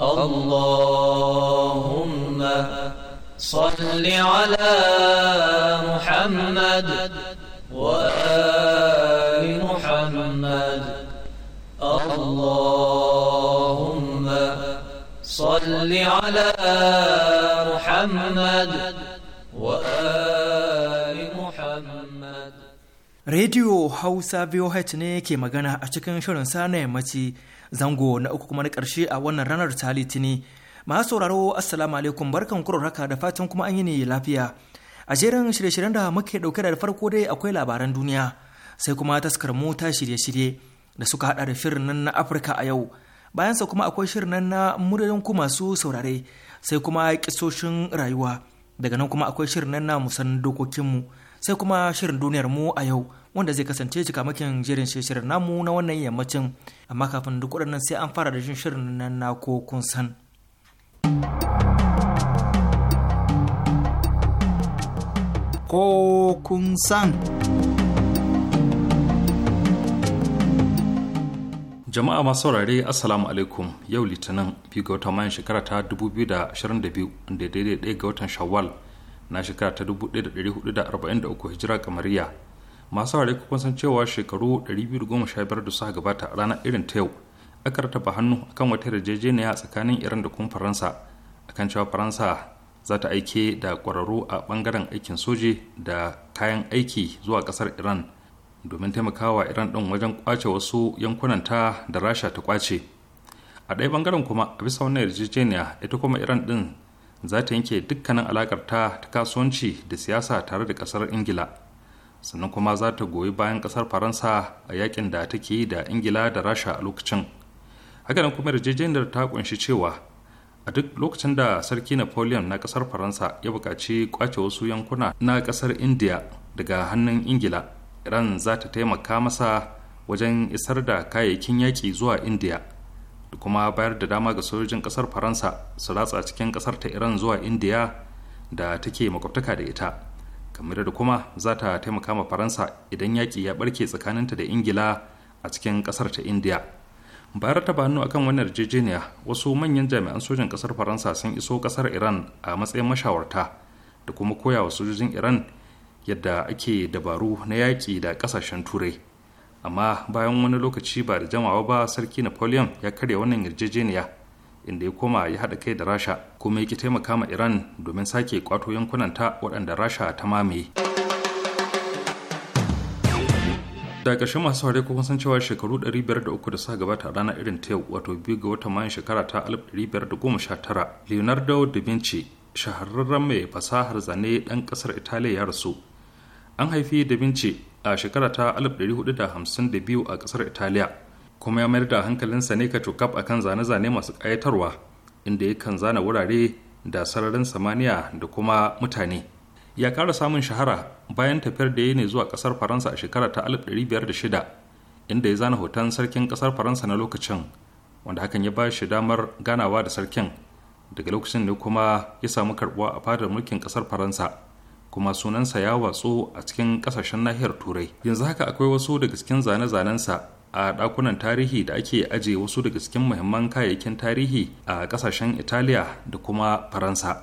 اللهم صل على محمد وآل محمد اللهم صل على محمد وآل محمد Radio Hausa VOH ne ke magana a cikin shirin sa na yammaci zango na uku kuma na ƙarshe a wannan ranar ta litini masu sauraro assalamu alaikum barkan kurar raka da fatan kuma an yi ne lafiya a jerin shirye-shiryen da muke ɗauke da farko dai akwai labaran duniya sai kuma taskar mota shirye-shirye da suka haɗa da shirin nan na afirka a yau bayan sa kuma akwai shirin nan na muryoyin ku masu saurare sai kuma kisoshin rayuwa daga nan kuma akwai shirin nan na musan dokokinmu sai kuma shirin duniyar mu a yau wanda zai kasance cikamakin jerin shirin namu na wannan yammacin amma kafin duk waɗannan sai an fara da jin shirin nan na ko kun san. Ko kun san. Jama'a masu saurare Assalamu alaikum yau Litinin biyu ga watan mayan shekara ta 2022 da daidai ga watan Shawwal na shekara ta 1443 hijira kamariya masu ware kun san cewa shekaru 215 da suka gabata a ranar irin ta yau aka rataba hannu akan wata yarjejeniya tsakanin iran da kuma faransa kan cewa faransa za ta aike da kwararru a bangaren aikin soji da kayan aiki zuwa kasar iran domin taimakawa iran din wajen kwace wasu yankunan ta da rasha ta kwace a ɗaya bangaren kuma a bisa wannan yarjejeniya ita kuma iran din za ta yanke dukkanin alakar ta kasuwanci da siyasa tare da kasar ingila sannan kuma za ta goyi bayan kasar faransa a yakin da take yi da ingila da rasha a lokacin hakanan kuma yarjejeniyar ta kunshi cewa a duk lokacin da sarki napoleon na kasar faransa ya buƙaci kwace wasu yankuna na kasar india daga hannun ingila iran za ta taimaka masa wajen isar da kayayyakin yaƙi zuwa india da kuma bayar da dama ga sojojin kasar faransa su ratsa cikin kasar ta iran zuwa indiya da take makwabtaka da ita kamar da kuma za ta taimaka ma faransa idan yaƙi ya barke tsakaninta da ingila a cikin kasar ta indiya bayar ta hannu akan wannan yarjejeniya wasu manyan jami'an sojin kasar faransa sun iso kasar iran a matsayin mashawarta da kuma koya wa sojojin iran yadda ake dabaru na yaƙi da ƙasashen turai amma bayan wani lokaci ba da jamawa ba sarki napoleon ya karya wannan yarjejeniya inda ya koma ya haɗa kai da rasha kuma ya ki taimaka ma iran domin sake kwato yankunanta waɗanda rasha ta mamaye da ƙarshen masu saurari kuma san cewa shekaru 503 da suka gabata a ranar irin ta yau wato biyu ga watan mayan shekara ta 1519 leonardo da vinci shahararren mai fasahar zane ɗan ƙasar italiya ya rasu an haifi da vinci a shekara ta 1452 a kasar italiya kuma ya mayar da hankalinsa ne ka cokaf a kan zane-zane masu ƙayatarwa inda yakan zana wurare da sararin samaniya da kuma mutane ya ƙara samun shahara bayan tafiyar da ya ne zuwa ƙasar faransa a shekara ta 1506 inda ya zana hoton sarkin ƙasar faransa na lokacin wanda hakan ya ba shi damar ganawa da sarkin daga lokacin ne kuma ya samu karɓuwa a fadar mulkin ƙasar faransa kuma sunansa ya watsu a cikin kasashen nahiyar turai yanzu haka akwai wasu daga cikin zane-zanensa a dakunan tarihi da ake aje wasu daga cikin muhimman kayayyakin tarihi a kasashen italiya da kuma faransa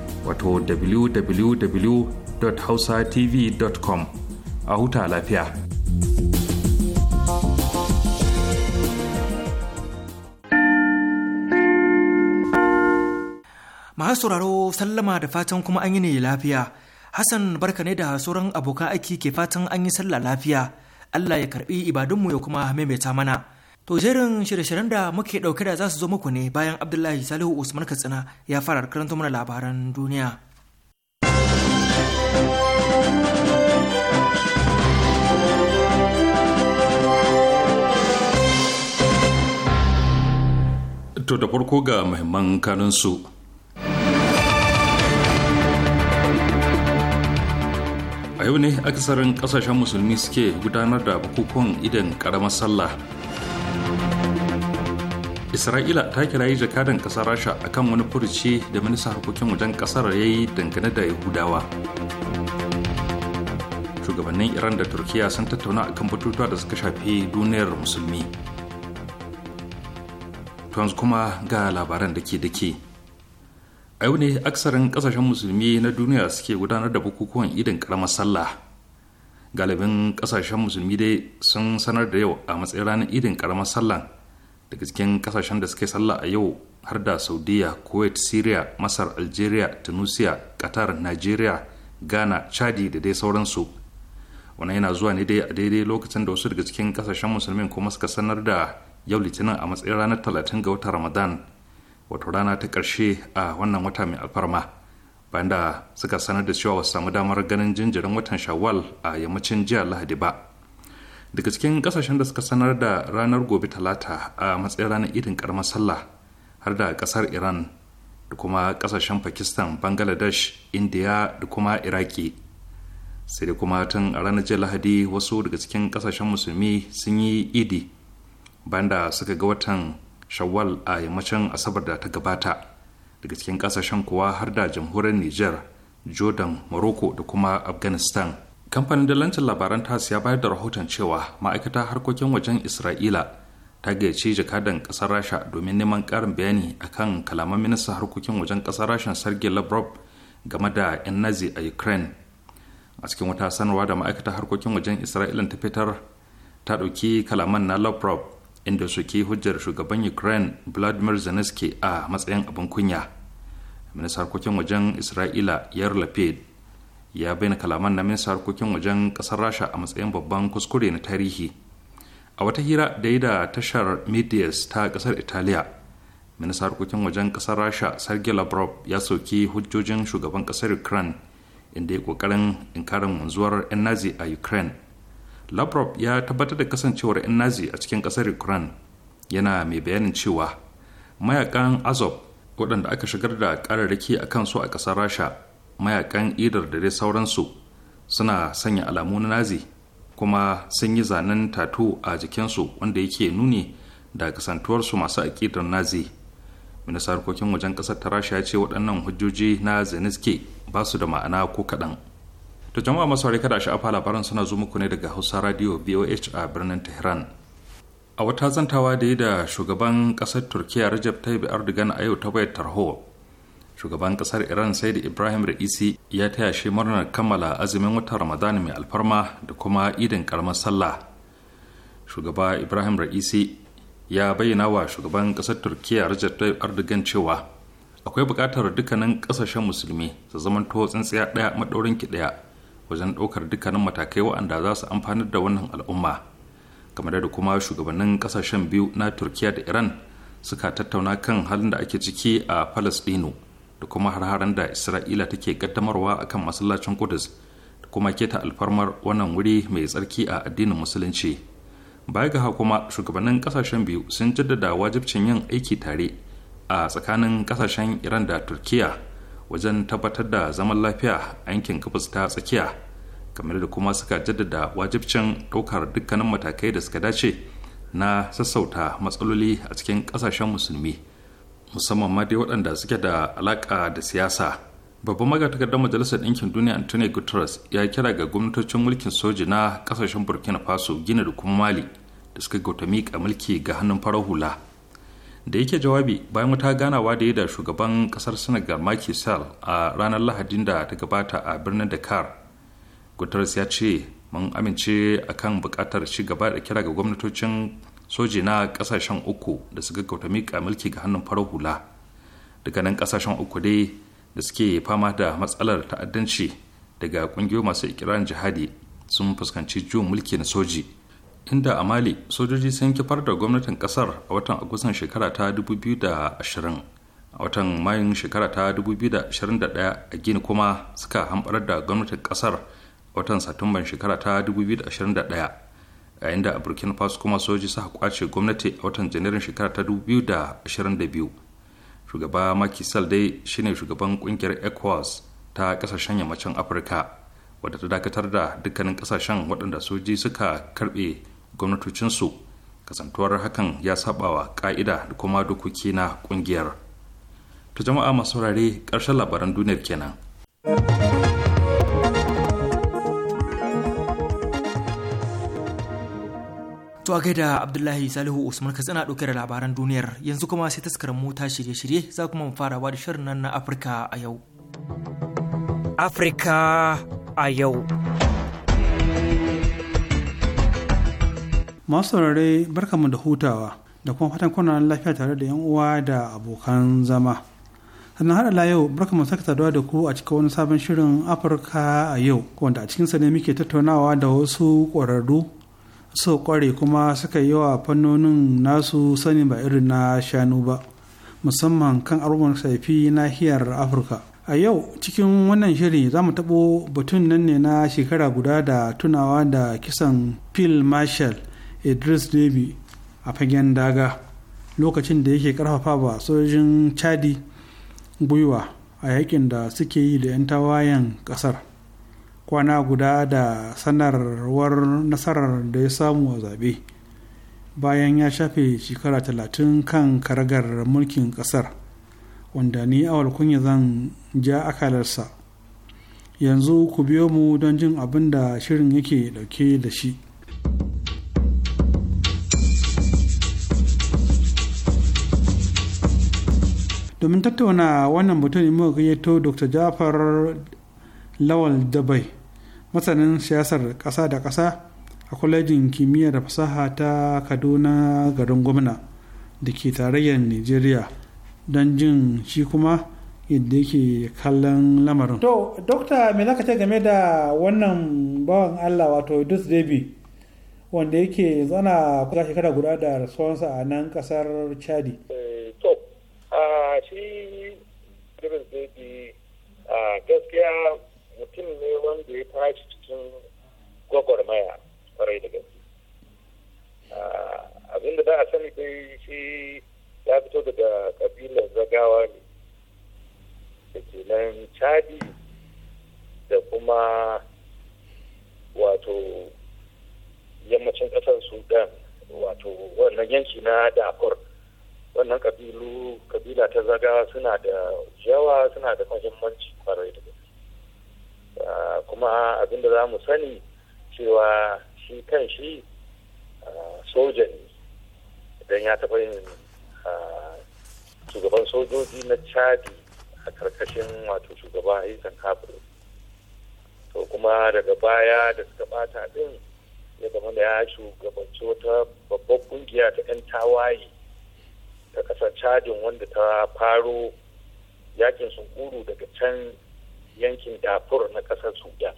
wato www.hausatv.com a huta lafiya. Masu sauraro sallama da fatan kuma an yi ne lafiya. Hassan barka ne da sauran abokan aiki ke fatan an yi sallah lafiya. Allah ya karbi ibadunmu ya kuma maimaita mana. To jerin shirye-shiryen da muke ɗauke da za su zo muku ne bayan Abdullahi Salihu Usman Katsina ya fara karanta mana labaran duniya. To da farko ga muhimman kanunsu. A yau ne akasarin kasashen musulmi suke gudanar da bukukuwan idan ƙaramar sallah isra'ila ta kirayi jakadan kasar rasha akan wani furuci da minista harkokin wajen kasar ya yi dangane da yahudawa shugabannin iran da turkiya sun tattauna akan batutuwa da suka shafi duniyar musulmi yanzu kuma ga labaran da ke ke a yau ne aksarin kasashen musulmi na duniya suke gudanar da bukukuwan idin karamar sallah galibin kasashen musulmi dai sun sanar da yau a matsayin ranar idin karamar sallah daga cikin kasashen da suke sallah a yau har da saudiya kuwait syria masar algeria tunisia qatar nigeria ghana chadi da dai sauransu wannan yana zuwa ne dai a daidai lokacin da wasu daga cikin kasashen musulmin kuma suka sanar da yau litinin a matsayin ranar talatin ga watan ramadan wato rana ta ƙarshe a wannan wata mai alfarma bayan da suka sanar da cewa wasu samu damar ganin jinjirin watan shawwal a yammacin jiya lahadi ba daga cikin kasashen da suka sanar da ranar gobe talata a matsayin ranar irin karamar sallah har da kasar iran da kuma kasashen pakistan bangladesh india da kuma iraki sai da kuma tun a ranar jiya lahadi wasu daga cikin kasashen musulmi sun yi idi banda suka ga watan shawwal a yammacin asabar da ta gabata daga cikin kasashen kuwa har da jamhuriyar niger jordan morocco da kuma afghanistan kamfanin dalancin labaran tas ya bayar da rahoton cewa ma'aikata harkokin wajen isra'ila ta gayyaci jakadan kasar rasha domin neman karin bayani akan kalaman ministan harkokin wajen kasar rasha sergei lavrov game da 'yan nazi a ukraine a cikin wata sanarwa da ma'aikatar harkokin wajen isra'ila ta fitar ta ɗauki kalaman na lavrov inda suke hujjar shugaban ukraine vladimir zelensky a matsayin abin kunya ministan harkokin wajen isra'ila yar lapid ya bayyana kalaman na minista harkokin wajen kasar rasha a matsayin babban kuskure na tarihi a wata hira da yi da tashar medias ta kasar italiya minista harkokin wajen kasar rasha sergei lavrov ya soki hujjojin shugaban kasar ukraine inda ya kokarin inkarin wanzuwar 'yan nazi a ukraine lavrov ya tabbatar da kasancewar 'yan nazi a cikin kasar ukraine yana mai bayanin cewa mayakan azov waɗanda aka shigar da ƙararraki a kansu a ƙasar rasha mayakan idar da dai sauransu suna sanya alamu na nazi kuma sun yi zanen tatu a jikinsu wanda yake nuni da kasantuwarsu masu aƙidar nazi ministan harkokin wajen ƙasar ta rasha ya ce waɗannan hujjoji na zeniske ba su da ma'ana ko kaɗan to jama'a masu harika da sha'afa labaran suna zo muku ne daga hausa radio voh a birnin tehran a wata zantawa da yi da shugaban ƙasar turkiya rajab tayyip erdogan a yau ta bayar tarho shugaban kasar iran sai da ibrahim ra'isi ya taya shi murnar kammala azumin watan ramadan mai alfarma da kuma idin karamar sallah shugaba ibrahim ra'isi ya bayyana wa shugaban kasar turkiya rajar tayyip erdogan cewa akwai bukatar dukkanin ƙasashen musulmi su zamanto tsintsiya ɗaya maɗaurin ki ɗaya wajen ɗaukar dukkanin matakai waɗanda za su amfanar da wannan al'umma kamar da kuma shugabannin ƙasashen biyu na turkiya da iran suka tattauna kan halin da ake ciki a falasɗinu da kuma har-haren da isra'ila take a kan masallacin kudus da kuma keta alfarmar wannan wuri mai tsarki a addinin musulunci baya ga kuma shugabannin kasashen biyu sun jaddada wajibcin yin aiki tare a tsakanin kasashen iran da turkiya wajen tabbatar da zaman lafiya a yankin gabas ta tsakiya kamar da kuma suka jaddada wajibcin ɗaukar dukkanin matakai da suka dace na sassauta matsaloli a cikin kasashen musulmi musamman ma dai waɗanda suke da alaƙa da siyasa babban magatakardar majalisar ɗinkin duniya antonio guterres ya kira ga gwamnatocin mulkin soji na ƙasashen burkina faso gina da kuma mali da suka gauta miƙa mulki ga hannun farar hula da yake jawabi bayan wata ganawa da ya da shugaban ƙasar senegal Macky Sall a ranar lahadin da ta gabata a birnin dakar guterres ya ce mun amince akan buƙatar ci gaba da kira ga gwamnatocin soji na kasashen uku da suka kauta miƙa mulki ga hannun farar hula dukkanin kasashen uku dai da suke fama da matsalar ta'addanci daga ƙungiyoyin masu ikirarin jihadi sun fuskanci juyin mulki na soji inda a mali sojoji sun kifar da gwamnatin kasar a watan agustan shekara ta 2020 a watan mayun shekara ta 2021 a gini kuma suka hamɓarar da gwamnatin kasar a watan satumban shekara ta 2021 yayin da a burkina faso kuma soji suka kwace gwamnati a watan janairun shekara ta 2022 shugaba makisal dai shine shugaban kungiyar ecowas ta kasashen yammacin afirka wadda ta dakatar da dukkanin kasashen waɗanda soji suka karɓe gwamnatocinsu kasantuwar hakan ya sabawa ka'ida da kuma dokoki na kungiyar ta jama'a masu rare ƙarshen labaran duniyar kenan. To a gaida Abdullahi Salihu Usman ka tsana ɗauke da labaran duniyar yanzu kuma sai taskar mota shirye-shirye za kuma mu farawa da shirin nan na Afirka a yau. Afirka a yau. Masu saurare barkamu da hutawa da kuma fatan kuna lafiya tare da 'yan uwa da abokan zama. sannan har ala yau barka mu saka saduwa da ku a cikin wani sabon shirin afirka a yau wanda a cikinsa ne muke tattaunawa da wasu ƙwararru su kware kuma suka yi wa fannonin nasu sani ba irin na shanu ba musamman kan argon saifi nahiyar afirka a yau cikin wannan shiri za mu taɓo batun nan ne na shekara guda da tunawa da kisan phil marshall idris davy a fagen daga lokacin da yake karfafa ba sojojin chadi gwiwa a yakin da suke yi da 'yan tawayen kasar kwana guda da sanarwar nasarar da ya samu a zaɓe bayan ya shafe shekara talatin kan karagar mulkin ƙasar wanda ni awal kunya zan ja akalarsa yanzu ku biyo mu don jin abin da shirin yake ɗauke da shi domin tattauna wannan mutum muka gayyato dr jafar lawal dabai masanin siyasar ƙasa da ƙasa a kwalejin kimiyya da fasaha ta kaduna garin gwamna da ke tarayyar nigeria don jin shi kuma yadda yake kallon lamarin to dokta me zaka ce game da wannan bawan allah wato idris debi wanda yake zana kusa shekara guda da rasuwansa a nan kasar chadi eh, to ah, shi idris debi ah, gaskiya mutum ne wanda ya tashi cikin gwagwarmaya kwarai da gaske ah, Abin da za a sani dai shi ya fito daga kabilar zagawa ne da ke nan chadi da kuma wato yammacin ƙasar sudan wato wannan yanki na dakor wannan kabilu kabila ta zagawa suna da yawa suna da mahimmanci kwarai da Ah, kuma abinda za mu sani cewa shi kan shi ah, soja ne idan ya taɓa yin ah, shugaban sojoji na chadi a karkashin wato shugaba isan kafin to kuma daga baya da suka bata din ya zama da ya shugabanci wata babbar kungiya ta 'yan tawaye ta ƙasar chadin wanda ta faro yakin sunkuru daga can yankin dafur na ƙasar sudan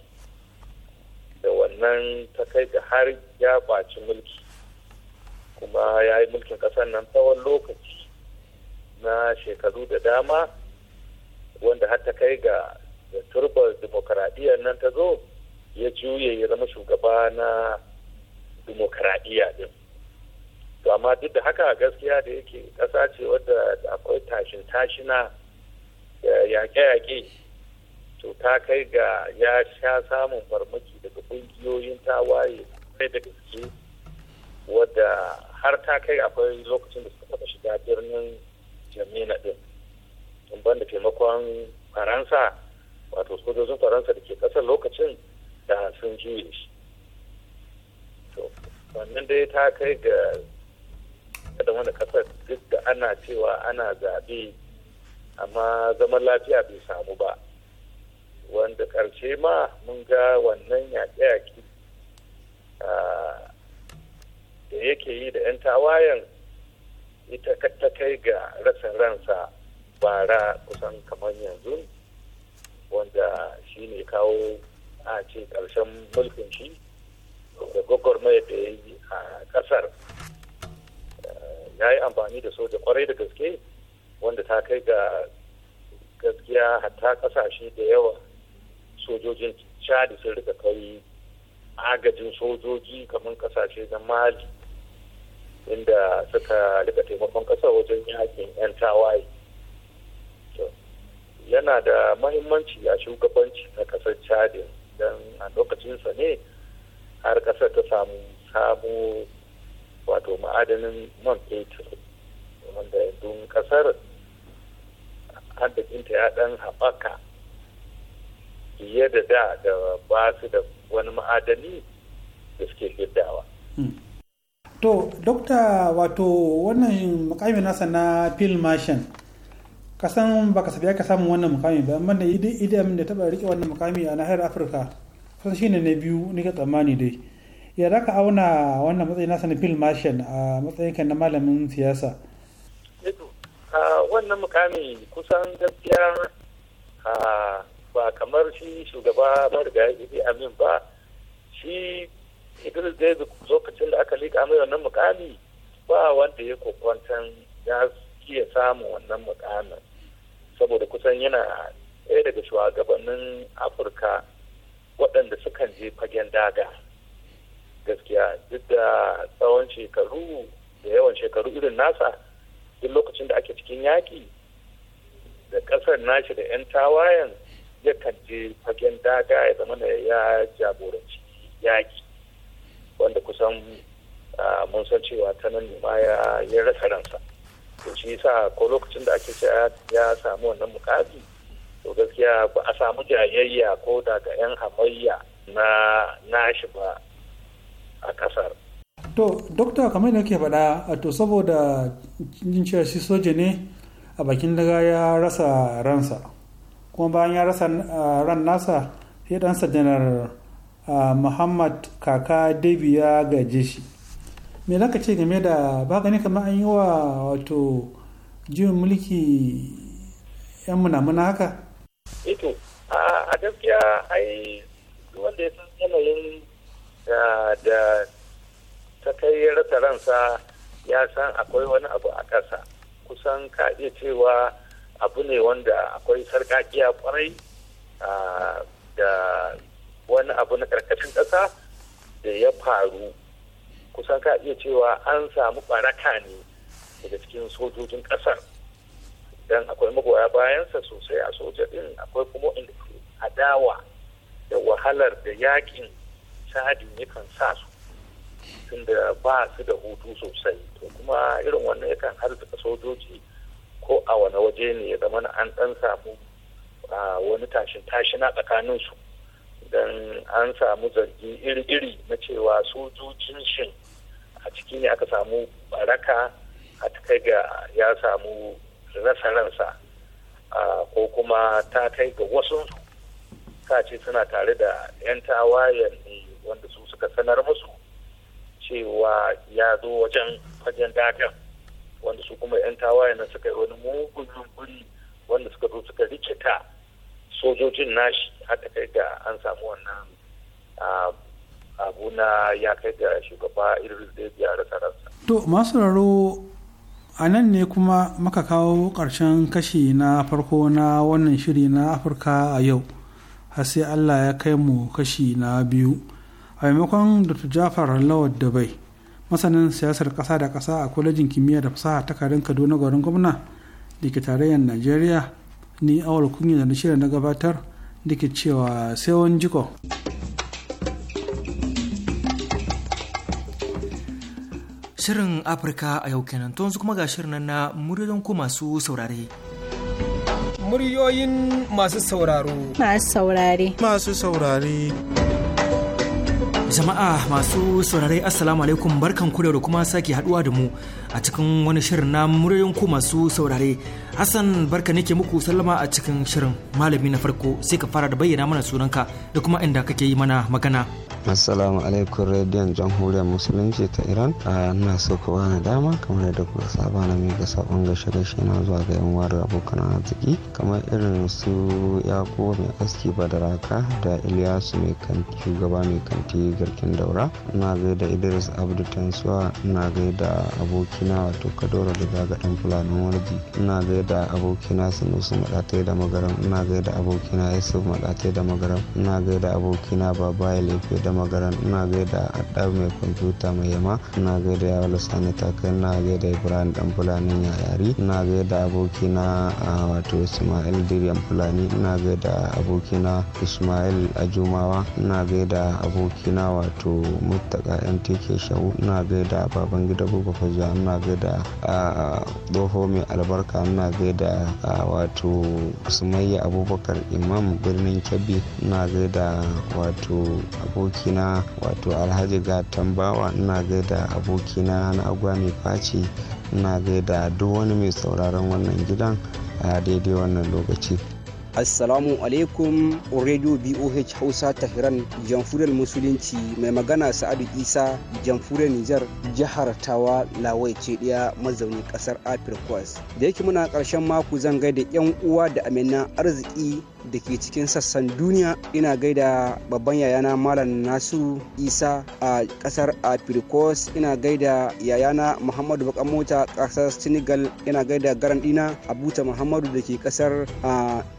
da wannan ta kai ga har ya ɓaci mulki kuma ya yi mulkin ƙasar nan tsawon lokaci na shekaru da dama wanda har ta kai ga da turbar demokaradiyyar nan ta zo ya juye ya zama shugaba na demokaradiyya din to amma duk da haka gaskiya da yake ƙasa ce wadda akwai tashin tashina yaƙe-yaƙe to ta kai ga ya sha samun farmaki daga kungiyoyin tawaye sai daga su wadda har ta kai akwai lokacin da suka taɓa shiga birnin jamina din ban da taimakon faransa wato sojojin faransa da ke ƙasar lokacin da sun juye shi to wannan dai ta kai ga da wani ƙasar duk da ana cewa ana zaɓe amma zaman lafiya bai samu ba wanda ƙarshe ma mun ga wannan yaƙe-yaƙe da yake yi da 'yan tawayen ita ta kai ga rasa ransa bara kusan kamar yanzu wanda shi ne kawo a ce ƙarshen mulkin shi da gwagwarmaya da ya yi a ƙasar ya yi amfani da soja kwarai da gaske wanda ta kai ga gaskiya hatta ƙasashe da yawa sojojin chad sun rika kai agajin sojoji kamar kasashe na mali inda suka rika taimakon kasa wajen yakin 'yan tawaye yana da mahimmanci a shugabanci na kasar chadin don a lokacinsa ne har kasar ta samu sabo wato ma'adanin man fetur wanda dun kasar arzikinta ya dan haɓaka fiye da da da ba su da wani ma'adani da suke fiddawa. Hmm. To, Dokta wato wannan mukami nasa na Phil Martian, kasan ba ka sabiya ka samu wannan mukami ba, amma da idan da taɓa riƙe wannan mukami a nahiyar Afirka, kusan shine na biyu nika tsammani dai. Ya za ka auna wannan matsayin nasa na Phil Martian a matsayinka na malamin siyasa? Eh wannan mukami kusan gaskiya ba kamar shi shugaba mariga idi amin ba shi idris da lokacin da aka liƙa mai wannan mukami ba wanda ya kokwantan ya iya samun wannan mukamin saboda kusan yana ɗaya daga shugabannin afirka waɗanda sukan je fagen daga gaskiya duk da tsawon shekaru da yawan shekaru irin nasa duk lokacin da ake cikin yaƙi da ƙasar nashi da 'yan tawayen yakan je fagen daga ya zama ya jagoranci yaƙi wanda kusan mun san cewa ta nan ma ya rasa ransa to shi yasa ko lokacin da ake cewa ya samu wannan mukazi to gaskiya ba a samu jayayya ko daga yan hamayya na nashi ba a kasar to dokta kamar da ke faɗa to saboda jin shi soja ne a bakin daga ya rasa ransa kuma bayan ya rasa ran nasa sai ɗansa janar muhammad kaka dab'i ya gaje shi me zaka ce game da ba gani kamar an yi wa wato juyin mulki yan munamuna haka ito eh a gaskiya ai wanda ya san yanayin da ta kai rasa ransa ya san akwai wani abu a ƙasa kusan ka iya cewa abu ne wanda akwai sarkakiya kwarai da wani abu na karkashin ƙasa da ya faru kusan ka iya cewa an samu baraka ne daga cikin sojojin ƙasar don akwai magoya bayansa sosai a soja ɗin akwai kuma adawa da wahalar da yakin sadin yakan sa su tunda ba su da hutu sosai to kuma irin wannan yakan harzuka sojoji ko a wani waje ne ya zama an ɗan samu wani tashin tashina tsakanin su don an samu zargi iri-iri na cewa sojojin shin a ciki ne aka samu baraka a kai ga ya samu rasa ransa ko kuma ta kai ga wasu ka ce suna tare da 'yan tawayen ne wanda su suka sanar musu cewa ya zo wajen fajen dagan wanda su kuma 'yan tawaye na suka yi wani mugun guri wanda suka zo suka rikita sojojin nashi haka kai ga an samu wannan abu na ya kai ga shugaba iris da ya rasa rasa. to masu raro a nan ne kuma maka kawo ƙarshen kashi na farko na wannan shiri na afirka a yau har sai allah ya kai mu kashi na biyu a maimakon dr jafar lawad da bai masanin siyasar Kasa da Kasa a kwalejin kimiyya da fasaha ta karin kaduna garin gwamna da ke tarayyar najeriya ni awal kunya da na na gabatar da ke cewa sai wani jiko shirin afirka a yau kenan to yanzu kuma ga shirin na muryoyin ku masu saurare muryoyin masu sauraro masu saurare masu saurare Jama'a masu saurare Assalamu alaikum barkan kure da kuma sake haduwa da mu a cikin wani shirin na muryoyin ku masu saurare. Hassan barka nake muku sallama a cikin shirin malami na farko sai ka fara da bayyana mana sunanka da kuma inda kake yi mana magana. assalamu alaikum rediyon jamhuriyar musulunci ta iran ina so kowa bani dama kamar yadda kuka saba na ga sabon gashe gashe na zuwa ga yan wari abokan arziki kamar irin su yako mai aski badaraka da iliyasu mai kanti shugaba mai kanti garkin daura ina gaida idris abdu tansuwa gai gaida abokina wato kadoro da daga dan fulani warji gai gaida abokina sanusu maɗatai da magaram ina gaida abokina yusuf maɗatai da magaram ina gaida abokina babaye lefe da magaran ina gaida adda mai kwamfuta mai yama ina gaida yawon sani takai ina gaida ibrahim dan fulani yari ina gaida na wato ismail diriyan fulani ina gaida na ismail ajumawa ina gaida na wato muttaka mtk shawu ina gaida baban gida buga fajiya ina gaida tsoho mai albarka ina gaida wato sumayya abubakar imam birnin kebbi ina gaida wato aboki abokina wato alhaji ga tambawa ina gaida abokina na agwa mai faci ina gaida duk wani mai sauraron wannan gidan a daidai wannan lokaci Assalamu alaikum Radio BOH Hausa Tahiran jamfuran Musulunci mai magana Sa'adu Isa jamfuran Nijar jihar Tawa Lawai ce ɗaya mazauni ƙasar Afirkwas. Da yake muna ƙarshen mako zan gaida 'yan uwa da amina arziki da ke cikin sassan duniya ina gaida babban yayana malam nasiru isa a kasar afirkos ina gaida yayana muhammadu bakan mota kasar senegal ina gaida garan dina abuta muhammadu da ke kasar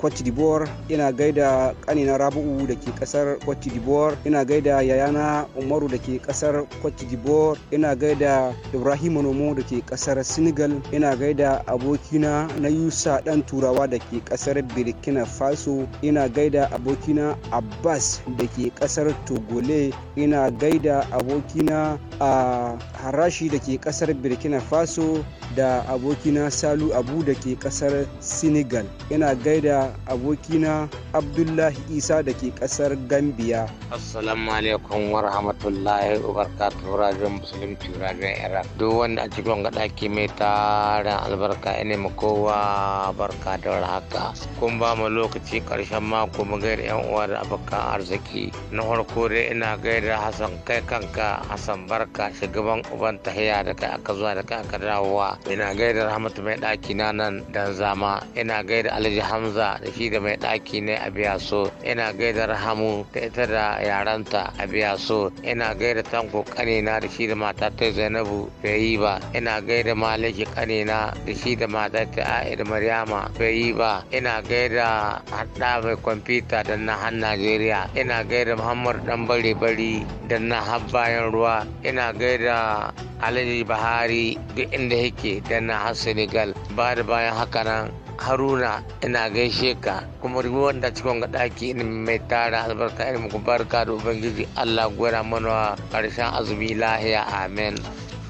cote d'ivoire ina gaida kanina rabu'u da ke kasar cote d'ivoire ina gaida yayana umaru da ke kasar cote d'ivoire ina gaida ibrahim nomo da ke kasar senegal ina gaida abokina na yusa dan turawa da ke kasar burkina faso ina gaida abokina Abbas da ke kasar Togole ina gaida abokina a Harashi da ke kasar Burkina Faso da abokina Salu Abu da ke kasar Senegal ina gaida abokina Abdullahi Isa da ke kasar Gambia. Assalamu alaikum wa rahmatullahi wa barakatuhu rajin musulunci rajin Iraq. Duk wanda a cikin gada ke mai tarin albarka ina kowa barka da haka. Kun ba mu lokaci karshen mako mu gaida yan uwa da abokan arziki na farko dai ina gaida hassan kai kanka hassan barka shugaban uban tahiya da kai aka zuwa da kai aka dawowa ina gaida rahmatu mai ɗaki na nan dan zama ina gaida alhaji hamza da shi da mai ɗaki ne a biya so ina gaida rahamu da ita da yaranta a biya so ina gaida tanko kanina da shi da mata ta zainabu bai yi ba ina gaida maliki kanina da shi da mata ta aida maryama bai yi ba ina gaida Ɗa mai kwamfuta da na han najeriya ina gaida muhammad dan bari bari da na bayan ruwa ina gaida alhaji bahari duk inda yake da na har senegal ba da bayan haka nan haruna ina gaishe ka kuma ruwan wanda cikin ga ɗaki mai tara albarka irin muku barka da ubangiji allah gwada mana ƙarshen azumi lahiya amen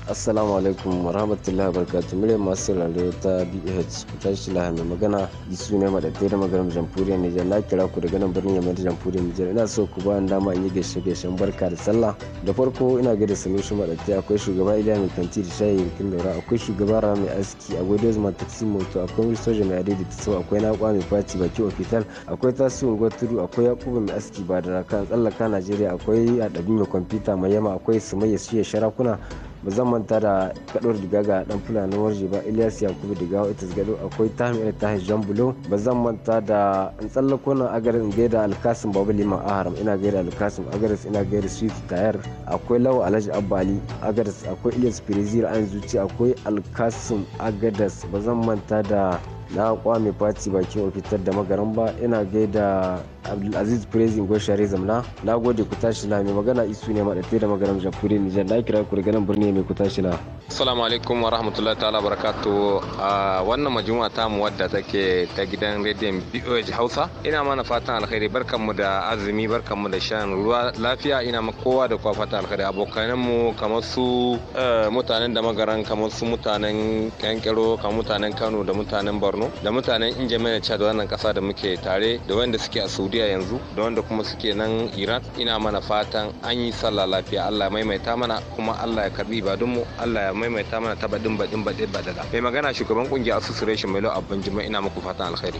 assalamu alaikum warahmatullahi barkatu muryar masu sauraro ta bh ku tashi laha mai magana su ne madaddai da maganar jamhuriyar nijar na kira ku daga nan birnin yamma da na nijar ina so ku ba ni dama in yi gaishe gaishen barka da sallah da farko ina da sanusi madaddai akwai shugaba iliya mai kanti da shayi yankin daura akwai shugaba rama mai aski akwai dozu ma taksi moto akwai wani soja mai adai da tsawo akwai kwa mai faci baki ofital akwai tasu unguwar tudu akwai yakubu mai aski ba da raka tsallaka najeriya akwai adabi mai kwamfuta mai yama akwai sumayya suya sharakuna ba zan manta da kaɗuwar diga ga dan fulani warje ba ilyas yakubu diga wa itas gado akwai tahmi ta tahi jan bulo ba zan manta da in tsallako na in gaida alkasim babu liman aharam ina gaida alkasim agaris ina gaida sweet tayar akwai lawa alhaji abali agaris akwai ilyas firizir an zuci akwai alkasim agadas ba zan manta da na kwame faci bakin ofitar da magaran ba ina gaida abdulaziz prezi gwashare zamna na gode ku tashi na. mai magana isu ne maɗatai da magaram jamhuriyar nijar na kira ku daga nan birni mai ku tashi na. assalamu alaikum wa rahmatullahi ta'ala barakatu a wannan majuma ta mu wadda take ta gidan rediyon boh hausa ina mana fatan alkhairi mu da azumi mu da shan ruwa lafiya ina ma kowa da kowa fatan alkhairi abokanan mu kamar su eh, mutanen da magaran kamar su mutanen kankero kamar mutanen kano da mutanen borno da mutanen injamina da wannan kasa da muke tare da wanda suke a saudi saudiya yanzu da wanda kuma suke nan iran ina mana fatan an yi sallah lafiya allah maimaita mana kuma allah ya karbi mu allah ya maimaita mana ta baɗin baɗin baɗin baɗaɗa mai magana shugaban kungiyar association mai lo abin jima'a ina muku fatan alkhairi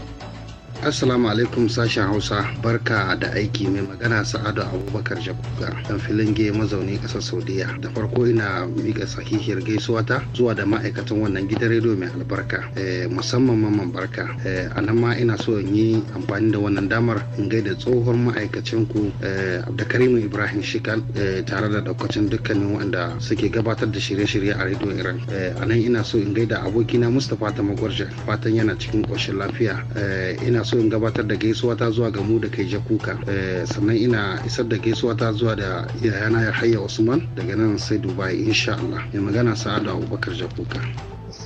Assalamu alaikum sashen Hausa barka da aiki mai magana Sa'adu Abubakar Jakuga dan filin ge mazauni kasar Saudiya. Da farko ina miƙa sahihiyar gaisuwa ta zuwa da ma'aikatan wannan gidan rediyo mai albarka eh, musamman mamman barka. Eh, a nan ma ina so in yi amfani da wannan damar in gaida tsohon ma'aikacin ku e, eh, Abdulkarim Ibrahim Shikal tare da daukacin dukkanin wanda suke gabatar da shirye-shirye a rediyo Iran. A nan ina so in gaida abokina Mustapha Tamagwarja fatan yana cikin koshin lafiya. Ina so in gabatar da gaisuwa ta zuwa ga mu da kai jakuka eh, sannan ina isar da gaisuwa ta zuwa da yayana ya hayya usman daga nan sai dubai insha Allah mai magana sa'adu abubakar jakuka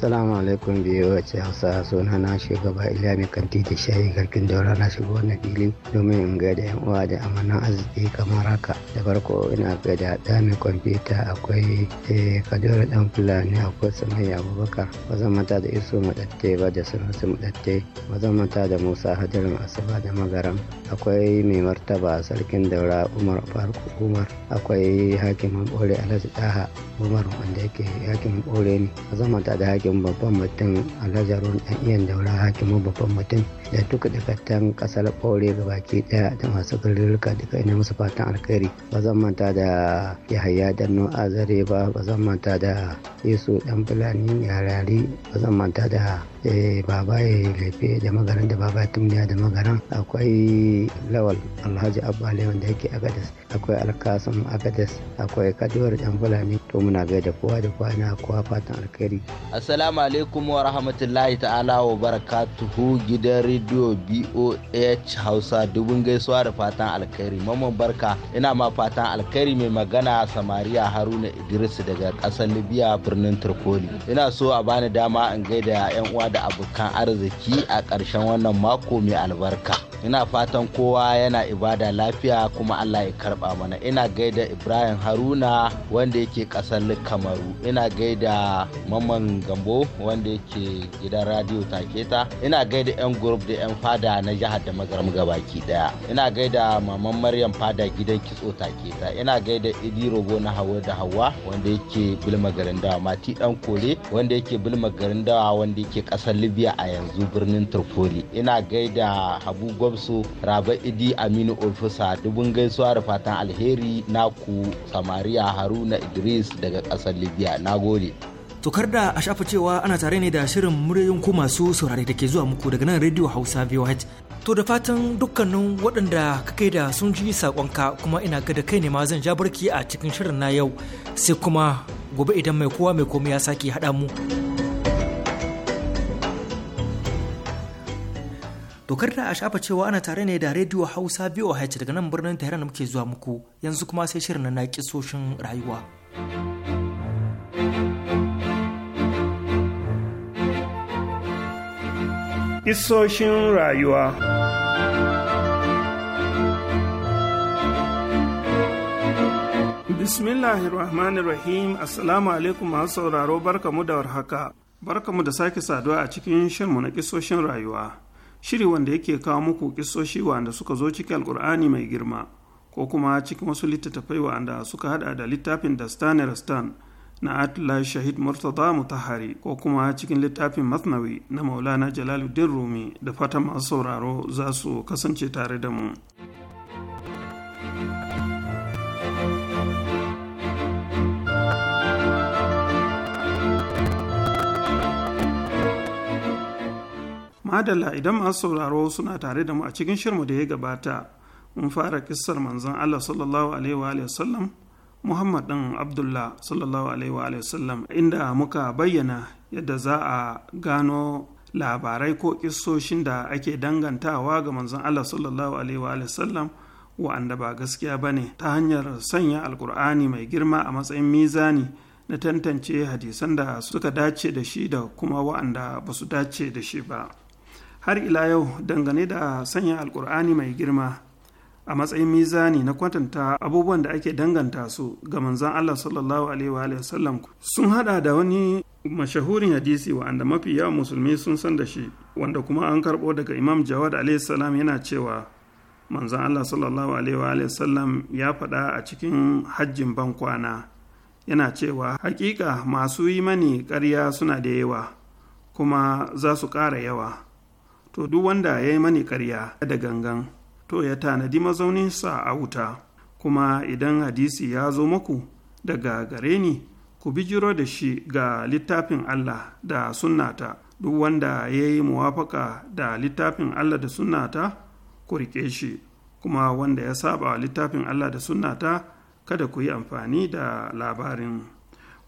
Assalamu alaikum biyu wace hausa suna na shugaba iliya mai kanti da shayi garkin daura na shiga wannan fili domin in ga da yan uwa da amana arziki kamar haka da farko ina ga da da mai kwamfuta akwai eh, kadoro dan fulani akwai sanai abubakar Wazan mata da iso madatte ba da sanarsu madatte Wazan mata da musa hadirin asaba da magaram akwai mai martaba sarkin daura umar farko umar akwai hakimin bore alhaji daha umar wanda yake hakimin bore ne Wazan mata da hakimin hakimin babban mutum a haruna dan iyan daura hakimin babban mutum da duka dakatan kasar ɓaure baki daya da masu garuruka duka ina musu fatan alkhairi ba zan manta da yahaya danno azare ba ba zan manta da yesu dan fulani yarari ba zan manta da Eh, baba ya laife da magaran da baba tumniya da magaran akwai lawal alhaji abba wanda yake agadas akwai alkasim agadas akwai kaduwar yan fulani to muna gaida kowa da kowa kowa fatan alkhairi assalamu alaikum wa rahmatullahi ta'ala wa barakatuhu gidan rediyo boh hausa dubun gaisuwa da fatan alkhairi mamman barka ina ma fatan alkhairi mai magana samariya haruna idris daga kasar libya birnin turkoli ina so a bani dama in gaida yan uwa da abokan arziki a ƙarshen wannan mako mai albarka ina fatan kowa yana ibada lafiya kuma allah ya karba mana ina gaida ibrahim haruna wanda yake ƙasar kamaru ina gaida maman gambo wanda yake gidan radio taketa ina gaida yan group da yan fada na jihar da magaram gabaki daya ina gaida maman maryam fada gidan kitso taketa ina gaida idi rogo na hawa da hawa wanda yake bilma garin dawa mati dan kore wanda yake bilma garin dawa wanda yake kasar libya a yanzu birnin tripoli ina gaida habu gwamso raba idi aminu ofisa dubun gaisuwa da fatan alheri naku samariya haruna idris daga kasar libya na gode tokar da a shafa cewa ana tare ne da shirin muryoyin ku masu saurare da ke zuwa muku daga nan radio hausa voh to da fatan dukkanin waɗanda ka kai da sun ji saƙonka kuma ina ga da kai ne ma zan ja barki a cikin shirin na yau sai kuma gobe idan mai kowa mai komai ya sake haɗa mu Dokar da a shafa cewa ana tare ne da Radio Hausa biyu VOH daga nan birnin Tehran muke zuwa muku yanzu kuma sai shirin na kisoshin rayuwa. Kisoshin rayuwa rahim Assalamu alaikum masu sauraro barkamu da warhaka barkamu da sake saduwa a cikin shirmu na kisoshin rayuwa. shiri wanda yake kawo muku kisoshi wanda suka zo cikin alkur'ani mai girma ko kuma cikin wasu littattafai wanda suka hada da littafin dastan stan na atla shahid murtaza mutahari ko kuma cikin littafin masnawi na maulana jalaluddin rumi da fatan masu sauraro za su kasance tare da mu. madalla idan masu sauraro suna tare da mu a cikin shirmu da ya gabata mun fara kissar manzon Allah sallallahu alaihi wa sallam Muhammad din Abdullah sallallahu alaihi wa sallam inda muka bayyana yadda za a gano labarai ko kissoshin da ake dangantawa ga manzon Allah sallallahu alaihi wa sallam wa'anda ba gaskiya ba ta hanyar sanya alkur'ani mai girma a matsayin mizani na tantance hadisan da suka dace da shi da kuma wa'anda ba su dace da shi ba. har ila yau dangane da sanya alkur'ani mai girma a matsayin mizani na kwatanta abubuwan da ake danganta su ga manzan Allah sallallahu alaihi wa sallam sun hada da wani mashahurin hadisi wa'anda mafi yawan musulmi sun san da shi wanda kuma an karbo daga imam jawad alaihi yana cewa manzan Allah sallallahu alaihi wa sallam ya faɗa a cikin hajjin ban kwana yana cewa hakika masu yi mani ƙarya suna da yawa kuma za su ƙara yawa to duk wanda ya yi mani karya da gangan to ya tanadi mazauninsa a wuta kuma idan hadisi ya zo muku daga gare ni ku jiro da shi ga littafin Allah da sunnata duk wanda ya yi muwafaka da littafin Allah da sunnata ku riƙe shi kuma wanda ya saba littafin Allah da sunnata kada ku yi amfani da labarin.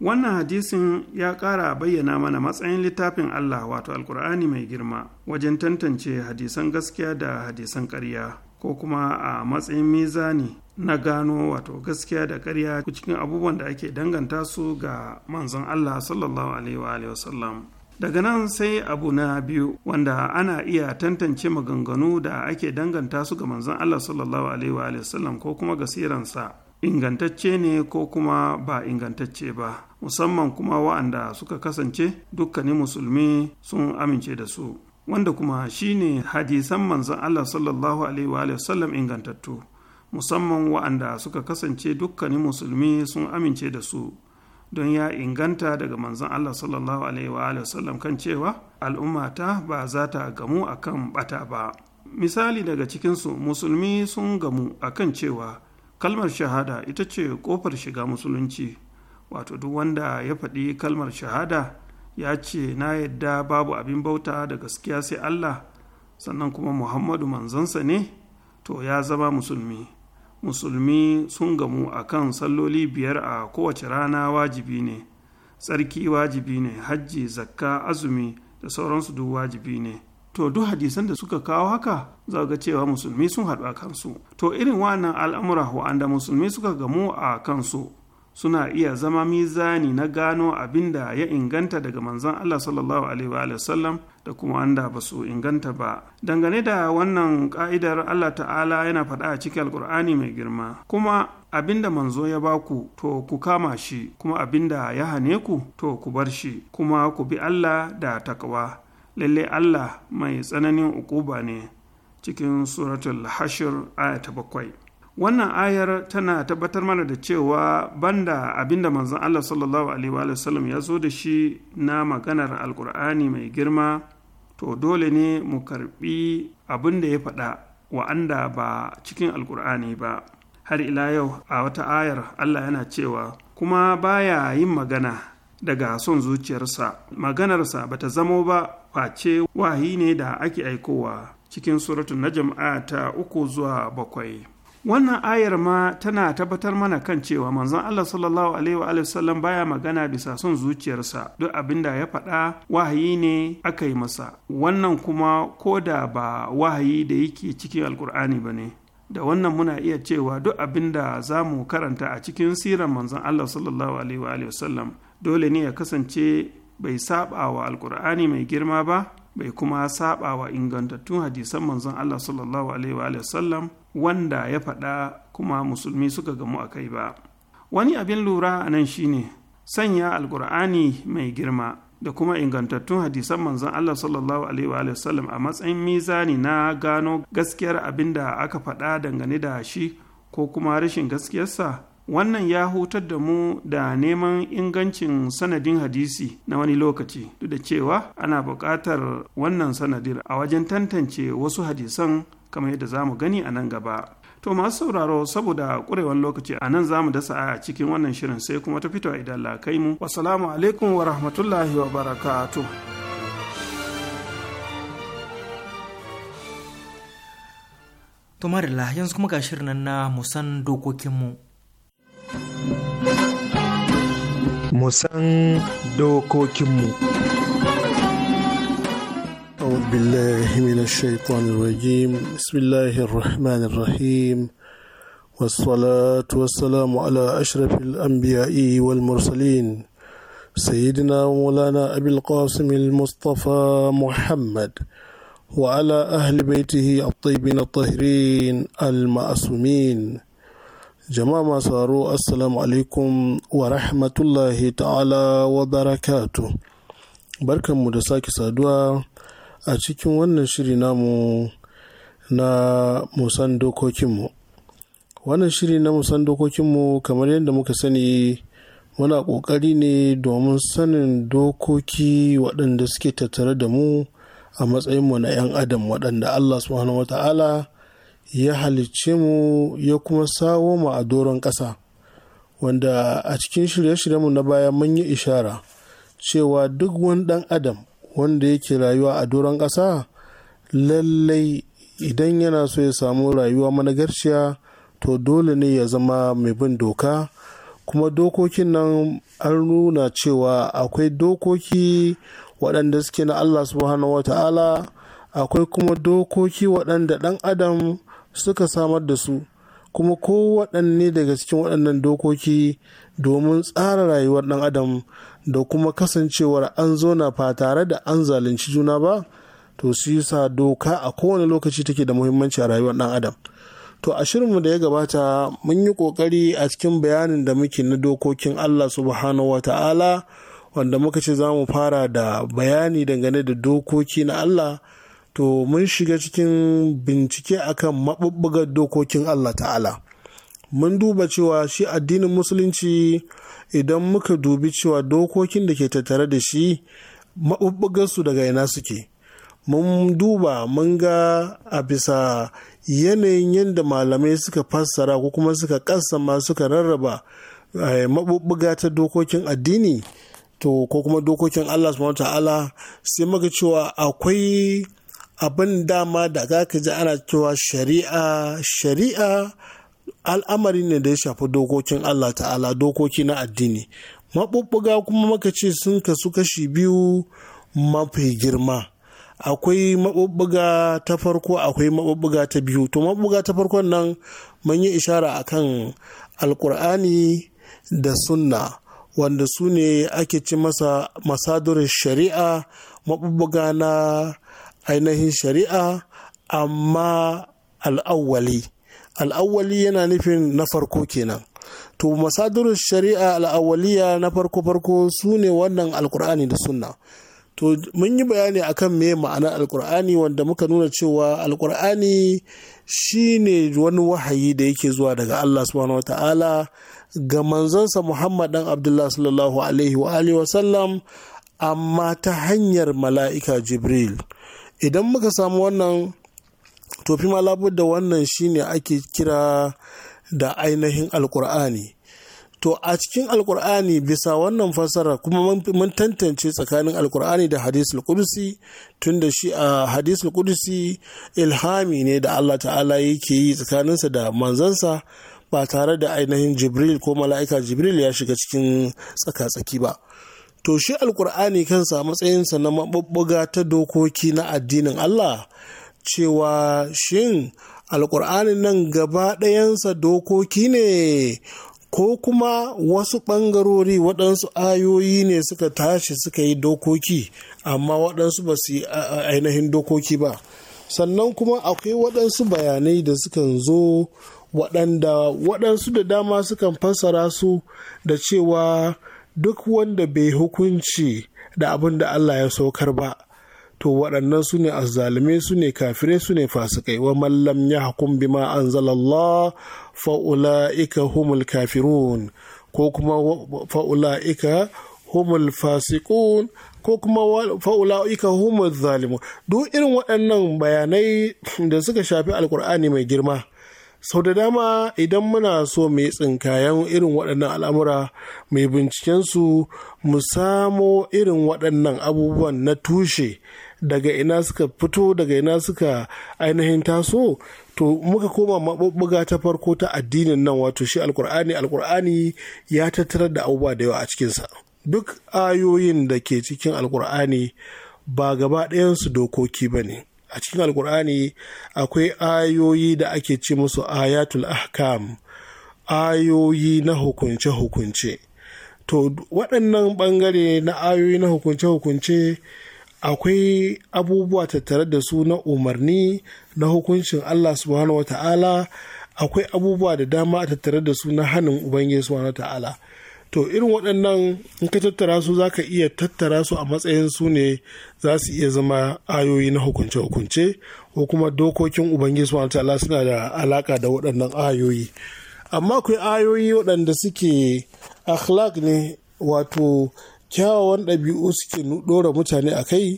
wannan hadisin ya ƙara bayyana mana matsayin littafin Allah wato alkur'ani mai girma wajen tantance hadisan gaskiya da hadisan ƙarya ko kuma a matsayin mizani na gano wato gaskiya da ƙarya cikin abubuwan da ake danganta su ga manzon Allah sallallahu alaihi wa daga nan sai abu na biyu wanda ana iya tantance maganganu da ake danganta su ga manzon Allah sallallahu alaihi wa ko kuma ga siransa ingantacce ne ko kuma ba ingantacce ba musamman kuma wa'anda suka kasance dukkanin musulmi sun amince da su wanda kuma shine hadisan manzon Allah sallallahu alaihi wa sallam ingantattu musamman wa'anda suka kasance dukkanin musulmi sun amince da su don ya inganta daga manzon Allah sallallahu alaihi wa sallam kan cewa al'ummata ba za ta gamu akan bata ba misali daga cikinsu musulmi sun gamu akan cewa kalmar shahada ita ce kofar shiga musulunci wato duk wanda ya faɗi kalmar shahada ya ce na yadda babu abin bauta da gaskiya sai Allah sannan kuma Muhammadu manzansa ne to ya zama musulmi musulmi sun gamu a kan salloli biyar a kowace rana wajibi ne tsarki wajibi ne hajji zakka azumi da sauransu duk wajibi ne to duk hadisan da suka kawo haka za ga cewa musulmi sun haɗu a kansu to irin wannan al'amura wa'anda musulmi suka gamu a kansu suna iya zama mizani na gano abin da ya inganta daga manzon Allah sallallahu alaihi sallam da kuma wanda ba su inganta ba dangane da wannan ka'idar Allah ta'ala yana faɗa a cikin alkur'ani mai girma kuma abinda manzo ya baku to ku kama shi kuma abinda ya hane ku to ku bar shi kuma ku bi Allah da takwa lalle Allah mai tsananin ukuba ne cikin suratul hashir aya ta bakwai wannan ayar tana tabbatar mana da cewa banda abinda manzon Allah sallallahu alaihi wa sallam ya zo da shi na maganar alkur'ani mai girma to dole ne mu karbi abin da ya faɗa wa'anda ba cikin alkur'ani ba har ila yau a wata ayar Allah yana cewa kuma baya yin magana daga son zuciyarsa maganarsa ba ta zamo ba face wahi ne da ake aikowa cikin suratun jama'a ta uku zuwa bakwai wannan ayar ma tana tabbatar mana kan cewa manzon Allah sallallahu alaihi wa sallam baya magana bisa son zuciyarsa duk abin da ya faɗa wahayi ne aka yi masa wannan kuma ko da ba wahayi da yake cikin alkur'ani ba ne da wannan muna iya cewa duk abin da za mu karanta a cikin siran manzon Allah sallallahu alaihi wa sallam dole ne ya kasance bai saba wa alkur'ani mai girma ba bai kuma saba wa ingantattun hadisan manzon Allah sallallahu alaihi wa sallam wanda ya faɗa kuma musulmi suka gamu a kai ba wani abin lura a nan shine sanya alkur'ani mai girma da kuma ingantattun hadisan manzon Allah sallallahu alaihi wa sallam a matsayin mizani na gano gaskiyar abin da aka faɗa dangane da shi ko kuma rashin gaskiyarsa wannan ya hutar da mu da neman ingancin sanadin hadisi na wani lokaci duk da cewa ana buƙatar wannan sanadin a wajen tantance wasu hadisan kamar yadda za mu gani a nan gaba to masu sauraro saboda ƙurewan lokaci a nan za mu dasa a cikin wannan shirin sai kuma ta fito idan la kai mu wasalamu alaikum wa rahmatullahi wa barakatu. To Marilla yanzu kuma ga shirin nan na musan dokokinmu. Musan dokokinmu. بالله من الشيطان الرجيم بسم الله الرحمن الرحيم والصلاة والسلام على أشرف الأنبياء والمرسلين سيدنا ومولانا أبي القاسم المصطفى محمد وعلى أهل بيته الطيبين الطاهرين المعصومين جماعة صاروا السلام عليكم ورحمة الله تعالى وبركاته بركة مدساك سادوا a cikin wannan shiri namu na musan dokokinmu wannan shiri na musan dokokinmu kamar yadda muka sani muna ƙoƙari ne domin sanin dokoki waɗanda suke tattare da mu a matsayinmu na 'yan adam waɗanda allah subhanahu wata'ala ya halicce mu ya kuma sawo mu a doron ƙasa wanda a cikin shirye-shiryenmu na baya mun yi ishara cewa duk wani ɗan adam wanda yake rayuwa a doron ƙasa lallai idan yana so ya samu rayuwa managarciya to dole ne ya zama mai bin doka kuma dokokin nan an nuna cewa akwai dokoki waɗanda suke na allah subhanahu wata'ala akwai kuma dokoki waɗanda ɗan adam suka samar da su kuma ko waɗanne daga cikin waɗannan dokoki domin tsara rayuwar ɗan adam da kuma kasancewar an zona fa tare da an zalunci juna ba to su yi sa doka a kowane lokaci take da muhimmanci a rayuwar dan adam to a shirinmu da ya gabata mun yi kokari a cikin bayanin da muke na dokokin allah subhanahu wa ta'ala wanda muka ce za mu fara da bayani dangane da dokoki na allah to mun shiga cikin bincike akan maɓuɓɓugar dokokin allah ta'ala mun duba cewa shi addinin musulunci idan muka dubi cewa dokokin da ke tattare da shi su daga ina suke mun duba mun ga a bisa yanayin yadda malamai suka fassara ko kuma suka kassama suka rarraba eh, maɓuɓɓuga ta dokokin addini to ko kuma dokokin allah subhanahu ta'ala sai muka cewa akwai abin dama da za ka ji ana cewa shari'a shari'a al'amari ne da ya shafi dokokin Allah ta'ala dokoki na addini maɓuɓɓuga kuma maka ce sun kasu kashi biyu mafi girma akwai maɓuɓɓuga ta farko akwai maɓuɓɓuga ta biyu to maɓuɓɓuga ta farkon nan mun yi ishara akan alkur'ani da sunna wanda su ne ake ci masa masadurin shari'a maɓuɓɓuga na ainihin shari'a amma al'awwali al'awwali yana nufin na farko kenan to masadurin shari'a al'awwaliya na farko farko su ne wannan alkur'ani da sunna to mun yi bayani akan me ma'anar alkur'ani wanda muka nuna cewa alkur'ani shine wani wahayi da yake zuwa daga Allah subhanahu ta'ala ga manzansa Muhammad dan Abdullah sallallahu alaihi wa alihi wa sallam amma ta hanyar mala'ika Jibril idan muka samu wannan to fi da wannan shine ake kira da ainihin alkur'ani to a cikin alkur'ani bisa wannan fasara kuma mun tantance tsakanin alkur'ani da hadisul kudusi tunda shi a hadisul kudusi ilhami ne da allah ta'ala yake yi tsakaninsa da manzansa ba tare da ainihin jibril ko mala'ika jibril ya shiga cikin tsaka-tsaki ba to shi alkur'ani kansa matsayinsa na maɓuɓɓuga ta dokoki na addinin allah cewa shin alkur'anin nan gaba ɗayansa dokoki ne ko kuma wasu ɓangarori waɗansu ayoyi ne suka tashi suka yi dokoki amma waɗansu ba su ainihin dokoki ba sannan kuma akwai waɗansu bayanai da sukan zo waɗanda waɗansu da dama sukan fassara su da cewa duk wanda bai hukunci da abin da Allah ya saukar ba to waɗannan su ne azzalume su ne kafire su ne fasikai wa mallam ya hukum bima anzalallah fa'ula'ika humul kafirun ko kuma fa'ula'ika humul fasikun ko kuma fa'ula'ika humul zalimu duk irin waɗannan bayanai da suka shafi alkur'ani mai girma sau da dama idan muna so mu yi tsinkayen irin waɗannan al'amura mai bincikensu mu samo irin waɗannan abubuwan na tushe daga ina suka fito daga ina suka ainihin taso to muka koma maɓuɓɓuga ta farko ta addinin nan wato shi alkur'ani alkur'ani ya tattara da abubuwa da yawa a cikinsa duk ayoyin da ke cikin alkur'ani ba gaba ɗayansu dokoki ba ne a cikin alkur'ani akwai ayoyi da ake ci musu ayatul ahkam ayoyi na hukunce-hukunce to waɗannan ɓangare na ayoyi na hukunce-hukunce akwai abubuwa tattare da su na umarni na hukuncin Allah subhanahu wa ta'ala akwai abubuwa da dama a tattare da su na hannun Ubangiji subhanahu wa ta'ala to irin waɗannan in ka tattara su za ka iya tattara su a matsayin su ne za su iya zama ayoyi na hukunce-hukunce ko kuma dokokin Ubangiji subhanahu wa ta'ala suna da alaka da waɗannan ayoyi amma akwai ayoyi waɗanda suke akhlaq ne wato kyawawan ɗabi'u suke ɗora mutane a kai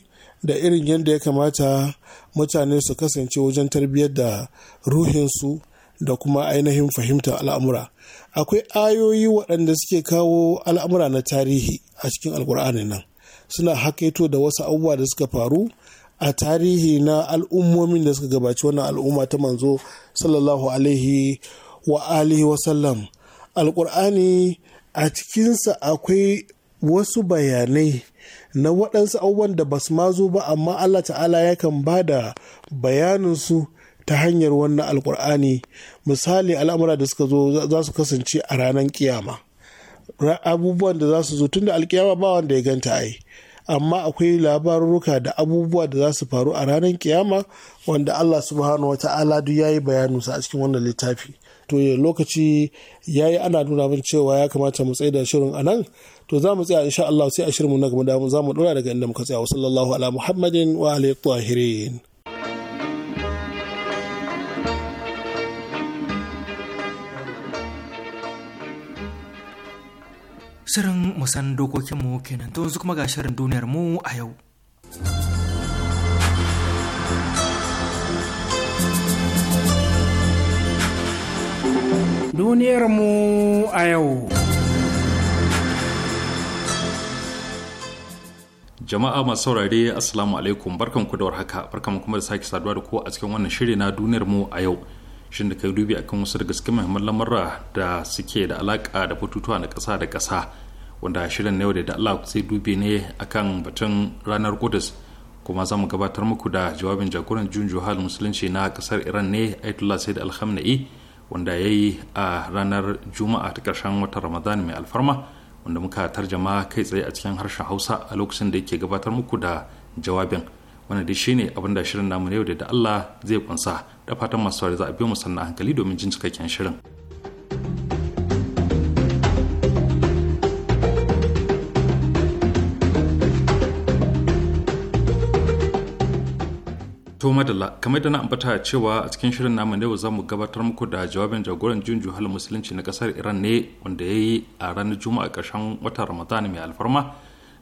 da irin yadda ya kamata mutane su kasance wajen tarbiyyar da ruhinsu da kuma ainihin fahimtar al'amura akwai ayoyi waɗanda suke kawo al'amura na tarihi a cikin Alƙur'ani nan suna hakaito da wasu abubuwa da suka faru a tarihi na al'ummomin da suka gabaci wannan al'umma ta manzo sallallahu alaihi wa alihi wasallam alkur'ani a cikinsa akwai wasu bayanai na waɗansu abubuwan da ba su ma zo ba amma Allah ta'ala yakan ba da bayaninsu ta hanyar wannan alkur'ani misali al'amura da suka zo za su kasance a ranar kiyama abubuwan da za su zo tun da alkiyama ba wanda ya ganta ai amma akwai labaruruka da abubuwa da za su faru a ranar kiyama wanda Allah subhanahu wa ta'ala duk ya yi bayaninsu a cikin wannan littafi to lokaci ya yi ana nuna min cewa ya kamata mu tsaye da shirin a nan to za mu tsaya insha Allah sai a shirin mu na gaba da mu za mu dora daga inda muka tsaya wa sallallahu ala muhammadin wa alihi tahirin Shirin musan dokokinmu kenan to yanzu kuma ga shirin duniyar mu a yau. duniyar mu a yau. Jama'a masu saurare Assalamu alaikum ku da warhaka barkanku kuma da sake saduwa da ku a cikin wannan shiri na duniyar mu a yau. Shin da kai dubi akan wasu daga cikin muhimman lamarra da suke da alaka da batutuwa na ƙasa da ƙasa wanda shirin na yau da Allah sai dubi ne akan batun ranar Qudus kuma za mu gabatar muku da jawabin jagoran junjo hal musulunci na kasar iran ne ayatollah said alhamna'i wanda ya yi a ranar juma'a ta ƙarshen watan ramadan mai alfarma wanda muka tarjama kai tsaye a cikin harshen hausa a lokacin da yake gabatar muku da jawabin wanda dai shine abin da shirin namu yau da Allah zai kunsa da fatan masu za a biyo mu sannan hankali domin jin cikakken shirin. To madalla kamar da na ambata cewa a cikin shirin namu yau za mu gabatar muku da jawabin jagoran junju halin musulunci na kasar Iran ne wanda ya yi a ranar Juma'a ƙarshen watan Ramadan mai alfarma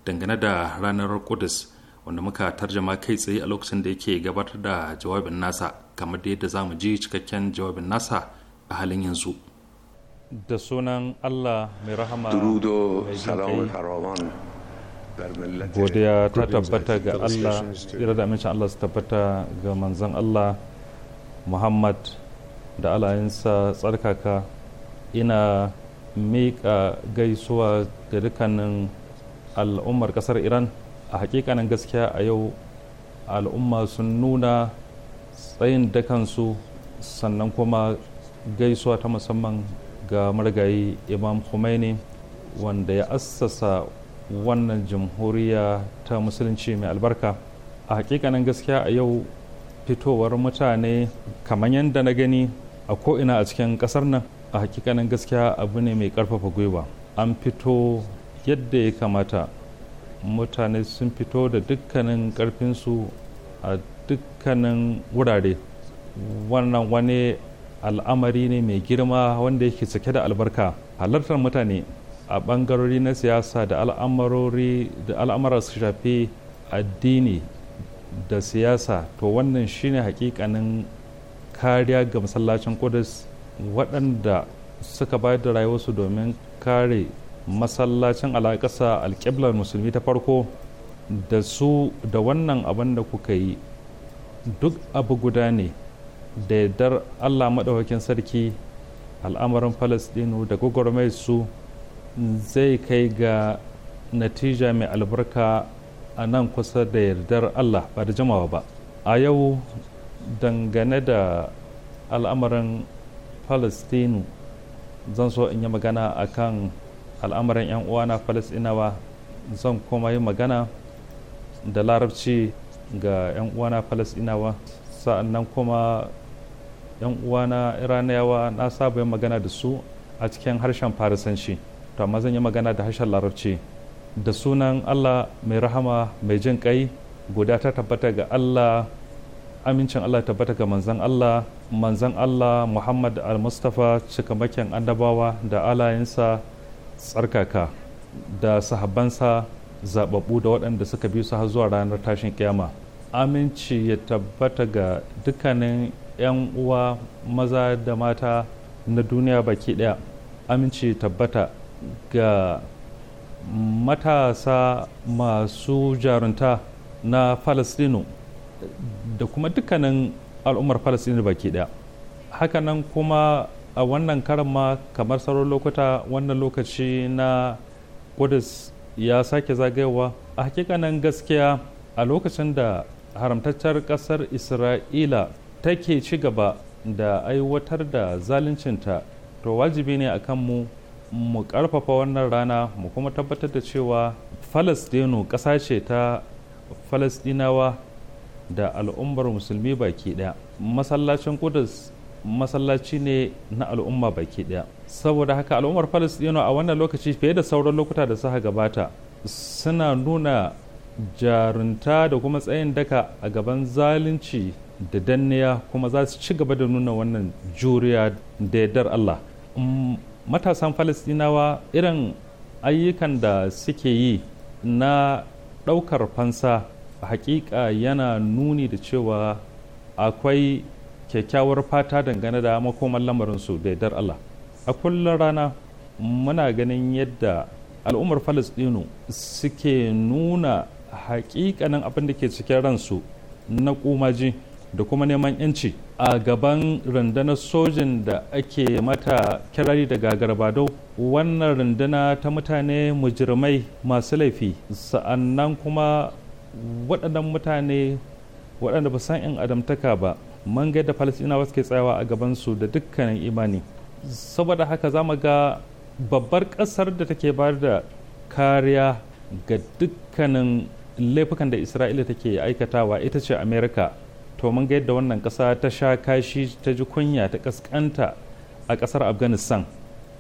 dangane da ranar Qudus wanda muka tarjama kai tsaye a lokacin da yake gabatar da jawabin nasa kamar da yadda zamu mu ji cikakken jawabin nasa a halin yanzu. Da sunan Allah mai rahama godiya ta tabbata ga allah ira da amincin allah su tabbata ga manzan allah muhammad da alayinsa tsarkaka ina miƙa gaisuwa ga dukkanin al'ummar ƙasar iran a hakikanin gaskiya a yau al'umma sun nuna tsayin dakansu sannan kuma gaisuwa ta musamman ga marigayi imam khomeini wanda ya assasa wannan jamhuriya ta musulunci mai albarka a hakikanin gaskiya a yau fitowar mutane kamar yadda na gani a ko'ina a cikin kasar nan a hakikanin gaskiya abu ne mai karfafa gwiwa an fito yadda ya kamata mutane sun fito da dukkanin karfinsu a dukkanin wurare wannan wani al'amari ne mai girma wanda yake cike da albarka halartar mutane a bangarori na siyasa da al'amarori da al'amara su shafi addini da siyasa to wannan shine hakikanin kariya ga masallacin kudus waɗanda suka bayar da rayuwarsu domin kare masallacin alaƙasa alƙiblar musulmi ta farko da su da wannan abin da kuka yi duk abu guda ne da yardar allah maɗaukakin sarki al'amarin falasɗinu da gwagwarmai su zai kai ga natija mai albarka a nan kusa da yardar allah ba da jamawa ba a yau dangane da al'amarin palestinu zan so in yi magana a kan al'amarin 'yan uwana palestinawa zan kuma yi magana da larabci ga 'yan uwana palestinawa sa'annan kuma 'yan uwana iraniyawa na saba yin magana da su a cikin harshen farisanci to amma zan yi magana da harshen larabci da sunan allah mai rahama mai jin kai guda ta tabbata ga allah amincin allah tabbata ga manzan allah manzan allah muhammad al-mustapha cikamakin annabawa da alayensa tsarkaka da sahabbansa zababbu da waɗanda suka bi su har zuwa ranar tashin kiyama aminci ya tabbata ga dukkanin 'yan uwa maza da mata na duniya baki ɗaya aminci tabbata ga matasa masu jarunta na palestino da kuma dukkanin al'ummar palestino baki daya hakanan kuma a wannan karan ma kamar sauran lokuta wannan lokaci na kudus ya sake zagayewa a hakikanin gaskiya a lokacin da haramtaccen kasar isra'ila take ci gaba da aiwatar da zaluncinta to wajibi ne a kanmu mu karfafa wannan rana mu kuma tabbatar da cewa falasɗinu ƙasa ce ta falasɗinawa da al'ummar musulmi baki ɗaya masallacin kudus masallaci ne na al'umma baki ɗaya saboda haka al'ummar falastinu a wannan lokaci fiye da sauran lokuta da suka gabata suna nuna jarunta da kuma tsayin daka a gaban zalunci da danniya kuma za su ci gaba da nuna wannan juriya da yardar allah matasan falastinawa irin ayyukan da suke yi na ɗaukar fansa hakika yana nuni da cewa akwai kyakkyawar fata dangane da makoman lamarinsu da yardar Allah a kullum rana muna ganin yadda al'ummar falastinu suke nuna hakikanin abin da ke cikin ransu na kumaji da kuma neman yanci a gaban rundunar sojin da ake mata kirari daga garbado wannan runduna ta mutane mujirmai masu laifi sa'annan kuma waɗannan mutane waɗanda ba san 'yan adamtaka ba man da falasinawa suke tsayawa a gabansu da dukkanin imani saboda haka za mu ga babbar ƙasar da take bayar da kariya ga dukkanin laifukan da isra'ila take aikatawa ita ce amerika to mun ga yadda wannan ƙasa ta sha kashi ta ji kunya ta ƙasƙanta a kasar afghanistan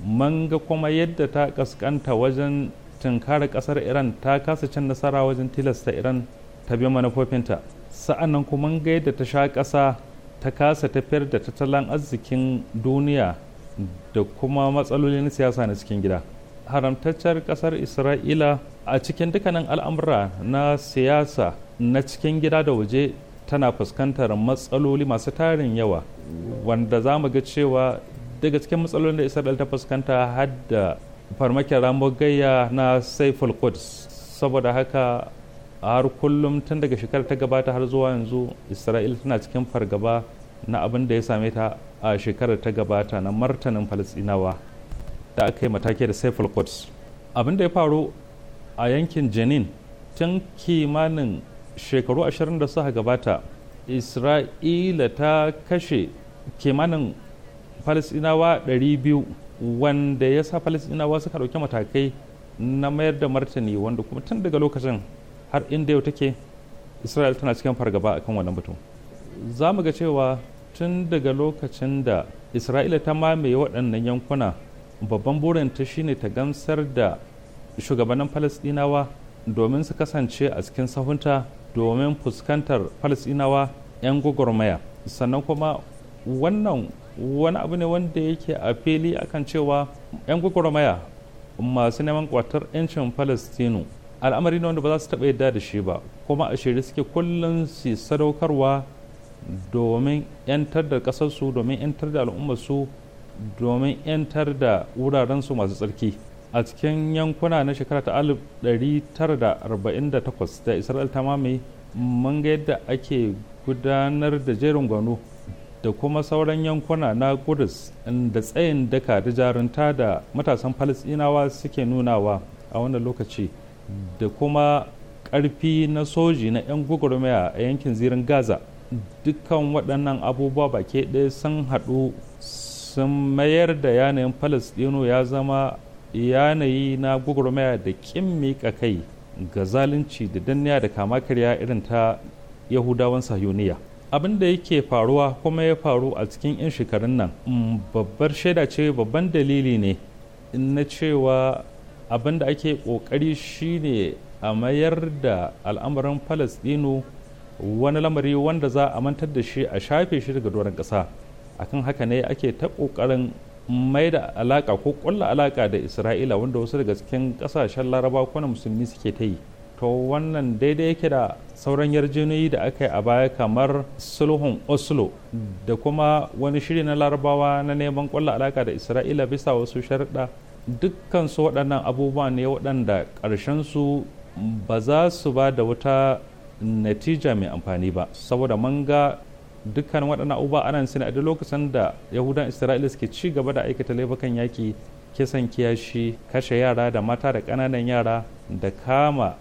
mun ga kuma yadda ta ƙasƙanta wajen tunkarar ƙasar iran ta kasa cin nasara wajen tilasta iran ta bi manufofinta nan kuma mun ga yadda ta sha kasa ta kasa tafiyar da tattalin arzikin duniya da kuma matsalolin siyasa na cikin gida haramtaccen kasar isra'ila a cikin dukkanin al'amura na siyasa na cikin gida da waje tana fuskantar matsaloli masu tarin yawa wanda za mu ga cewa daga cikin matsalolin da isra'il ta fuskanta har da farmakin gayya na saiful quds saboda haka har kullum tun daga shekarar ta gabata har zuwa yanzu isra'il tana cikin fargaba na abin da ya same ta a shekarar ta gabata na martanin falastinawa da aka yi mataki da saiful quds abin da ya faru a yankin jenin tun kimanin shekaru 20 da suka gabata isra'ila ta kashe kimanin falisinawa 200 wanda ya sa falasinawa suka ɗauki matakai na mayar da martani wanda kuma tun daga lokacin har inda yau take isra'ila tana cikin fargaba akan wannan batun. za mu ga cewa tun daga lokacin da isra'ila ta mamaye waɗannan yankuna babban burinta shine ta gamsar da shugabannin falasɗinawa domin su kasance a cikin sahunta domin fuskantar falasinawa 'yan gwagwarmaya sannan kuma wannan wani abu ne wanda yake a fili a kan cewa 'yan gwagwarmaya masu neman kwatar 'yancin falastinu al'amari ne wanda ba za su taɓa yadda da shi ba kuma a shirye suke kullum su sadaukarwa domin 'yantar da ƙasarsu domin 'yantar da al'ummarsu domin 'yantar da wurarensu masu tsarki a cikin yankuna na shekara ta 1948 da isra'il ta mamaye mun ga yadda ake gudanar da jerin gwano da kuma sauran yankuna na kudus da tsayin daka da jarunta da matasan falisinawa suke nunawa a wannan lokaci da kuma ƙarfi na soji na 'yan gugurmaya a yankin zirin gaza dukkan waɗannan abubuwa baki ɗaya sun haɗu sun mayar da yanayin falis ya zama yanayi na gwagwarmaya da kin miƙa kai ga zalunci da danniya da kama karya irin ta yahudawan sahiyoniya abin da yake faruwa kuma ya faru a cikin 'yan shekarun nan mm, babbar shaida ce babban dalili ne na cewa abin da ake ƙoƙari shine a mayar da al'amarin palestino wani lamari wanda za a mantar da shi a shafe shi daga doron ƙasa akan haka ne ake ta ƙoƙarin mai da alaka ko kulla alaka da isra'ila wanda wasu daga cikin kasashen laraba ko na musulmi suke ta yi to wannan daidai yake da sauran yarjejeniyoyi da aka yi a baya kamar sulhun oslo da kuma wani shiri na larabawa na neman kwallo alaka da isra'ila bisa wasu sharuɗa dukkan su waɗannan abubuwa ne waɗanda ƙarshen su ba za su ba da wata natija mai amfani ba saboda manga dukkan waɗannan abubuwa ana suna a duk lokacin da yahudan isra'ila suke ci gaba da aikata laifukan yaƙi kisan kiyashi kashe yara da mata da ƙananan yara da kama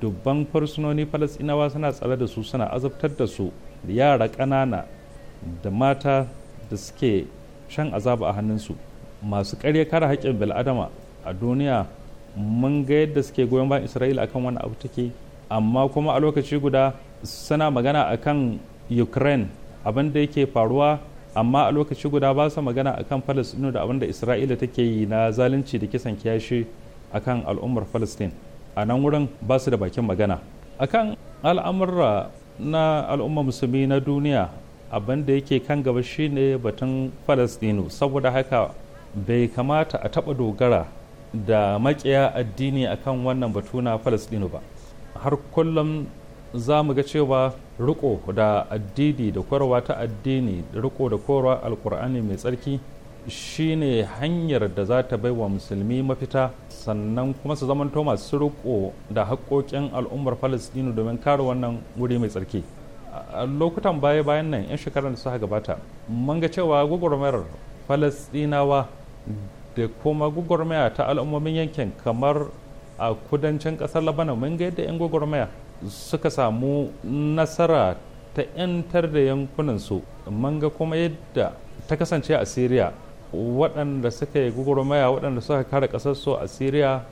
dubban fursunoni falasɗinawa suna tsare da su suna azabtar da su yara ƙanana da mata da suke shan azaba a hannunsu masu karya kare haƙƙin bil'adama a duniya mun ga yadda suke goyon bayan isra'ila akan wani abu take amma kuma a lokaci guda suna magana akan ukraine abin da yake faruwa amma a lokaci guda ba su magana akan palestino da abin da isra'ila take yi na zalunci da kisan kiyashi kan al'ummar palestine a nan wurin ba su da bakin magana akan al'amurra na al'umma musulmi na duniya abin da yake kan gaba shine batun palestino saboda haka bai kamata a taba dogara da makiya addini akan wannan batu na palestino ba har kullum za mu ga cewa riko da addini da korowa ta addini riko da korowa alkur'ani mai tsarki shine hanyar da za ta bai wa musulmi mafita sannan kuma su zamanto masu riko da haƙoƙin al'ummar falastinu domin kare wannan wuri mai tsarki a lokutan baya bayan nan 'yan shekarar da suka gabata mun ga cewa gwagwarmayar falastinawa da kuma gwagwarmaya ta al'ummomin yankin kamar a kudancin ƙasar labanan mun ga yadda 'yan gwagwarmaya suka samu nasara ta 'yantar da yankunansu manga kuma yadda ta kasance a syria waɗanda suka yi gugurmaya waɗanda suka kare ƙasarsu a syria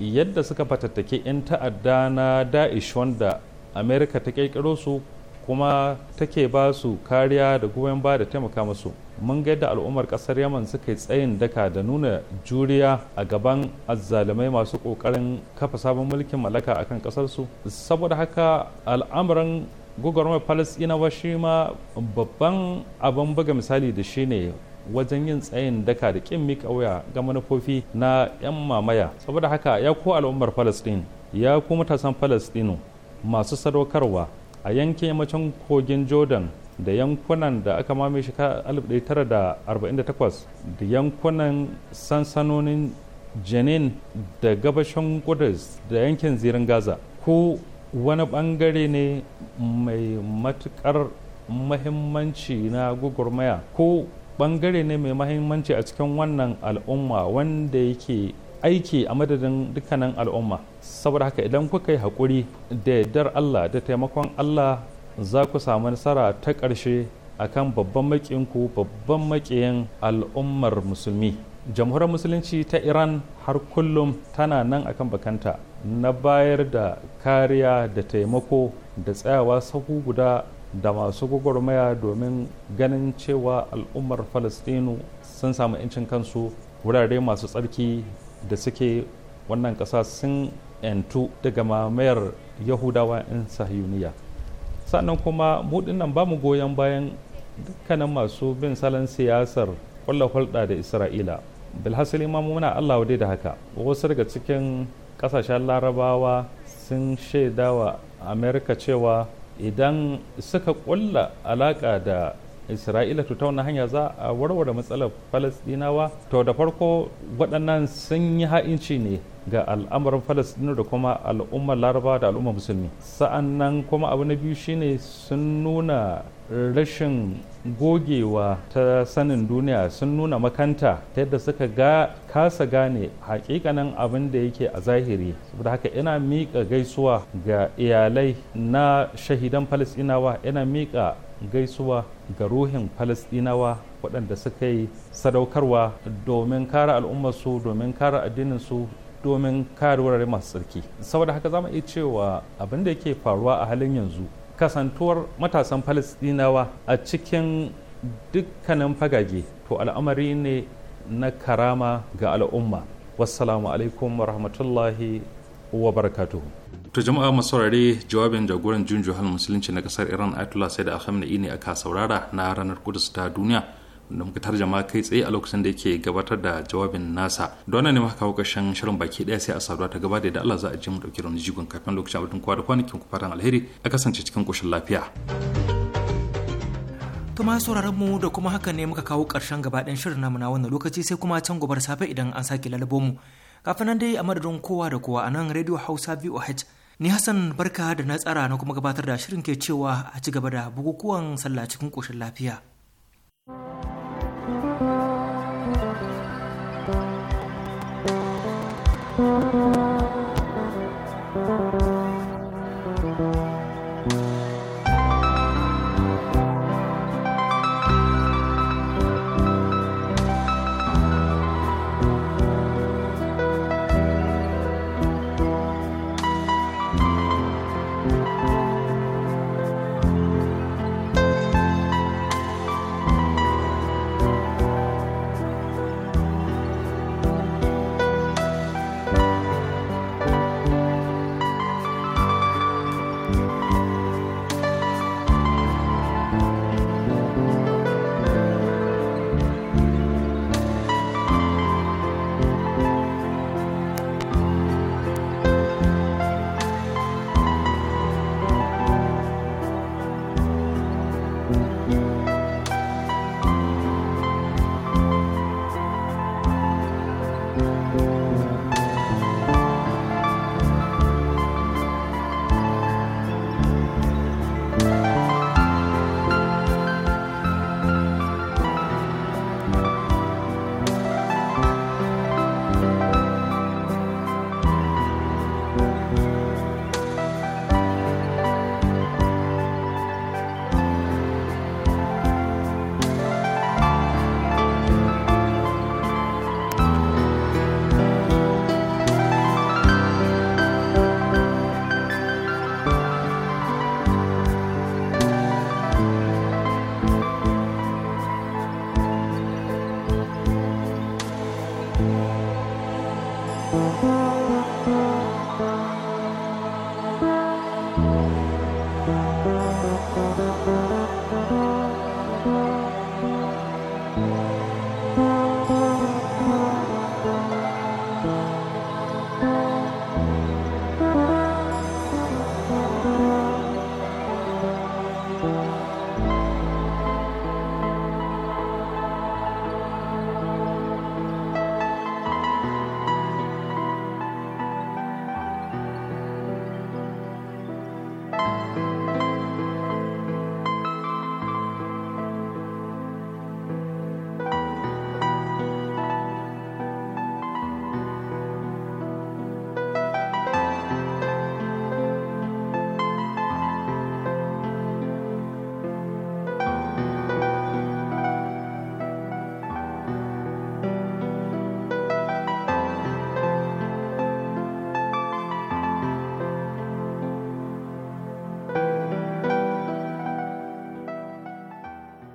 yadda suka fatattake 'yan ta'adda na da'ish wanda amerika ta ƙirƙiro su kuma take ba su kariya da goyon ba da taimaka musu mun ga yadda al'ummar kasar yaman suka yi tsayin daka da nuna juriya a gaban azzalumai masu kokarin kafa sabon mulkin mallaka akan kasar su saboda haka al'amuran gwagwarmar palestinawa shi ma babban abin buga misali da shi ne wajen yin tsayin daka da kin mika ga manufofi na 'yan mamaya saboda haka ya ko al'ummar palestine ya ko matasan palestino masu sadaukarwa a yankin yammacin kogin jordan da yankunan da aka mamaye shi 1948 da yankunan sansanonin jenin da gabashin kudus da yankin zirin gaza ko wani bangare ne mai matukar mahimmanci na gugurmaya ko bangare ne mai mahimmanci a cikin wannan al'umma wanda yake aiki a madadin dukkanin al'umma saboda haka idan kuka yi haƙuri da yardar allah da taimakon allah za ku samu nasara ta ƙarshe akan babban maƙinku babban maƙiyin al'ummar musulmi jamhuriyar musulunci ta iran har kullum tana nan akan bakanta na bayar da kariya da taimako da tsayawa sahu guda da masu gwagwarmaya domin ganin cewa al'ummar falastinu sun samu 'yancin kansu wurare masu tsarki da suke wannan ƙasa sun yantu daga mamayar yahudawa in sahiyuniya sannan kuma mu nan ba mu goyon bayan dukkanin masu bin salon siyasar kulla hulɗa da isra'ila bilhassali ma muna allah wadai da haka wasu daga cikin ƙasashen larabawa sun shaidawa amerika cewa idan suka kulla alaƙa da isra'ila to ta hanya za a warware matsalar falasdinawa to da farko waɗannan sun yi ha'inci ne ga al'amuran falasdinu da kuma al'ummar laraba da al'ummar musulmi sa'an nan kuma abu na biyu shine sun nuna rashin gogewa ta sanin duniya sun nuna makanta ta yadda suka ga kasa gane hakikanin abin da yake a zahiri saboda haka ina miƙa gaisuwa ga iyalai na shahidan falasdinawa ina miƙa gaisuwa ga ruhin falasdinawa waɗanda suka yi sadaukarwa domin kare al'ummarsu domin kare addininsu domin kare wurare masu tsarki saboda haka za mu iya cewa abin da yake faruwa a halin yanzu kasantuwar matasan falasdinawa a cikin dukkanin fagage to al'amari ne na karama ga al'umma wassalamu alaikum wa rahmatullahi wa barakatuhu to jama'a masu saurare jawabin jagoran jun juhal musulunci na kasar iran ayatollah sai da khamenei ne aka saurara na ranar kudus ta duniya da muka tarjama kai tsaye a lokacin da yake gabatar da jawabin nasa don ne maka kawo ƙarshen shirin baki ɗaya sai a saduwa ta gaba da yadda allah za a ji mu ɗauki rauni jigon kafin lokacin abin kwa da kwanakin ku fatan alheri a kasance cikin ƙoshin lafiya. to ma sauraron mu da kuma haka ne muka kawo ƙarshen gaba shirin namu na wannan lokaci sai kuma can gobar safe idan an sake lalabo mu kafin nan dai a madadin kowa da kowa a nan radio hausa voh ni hassan barka da na tsara na kuma gabatar da shirin ke cewa a ci gaba da bukukuwan sallah cikin koshin lafiya thank you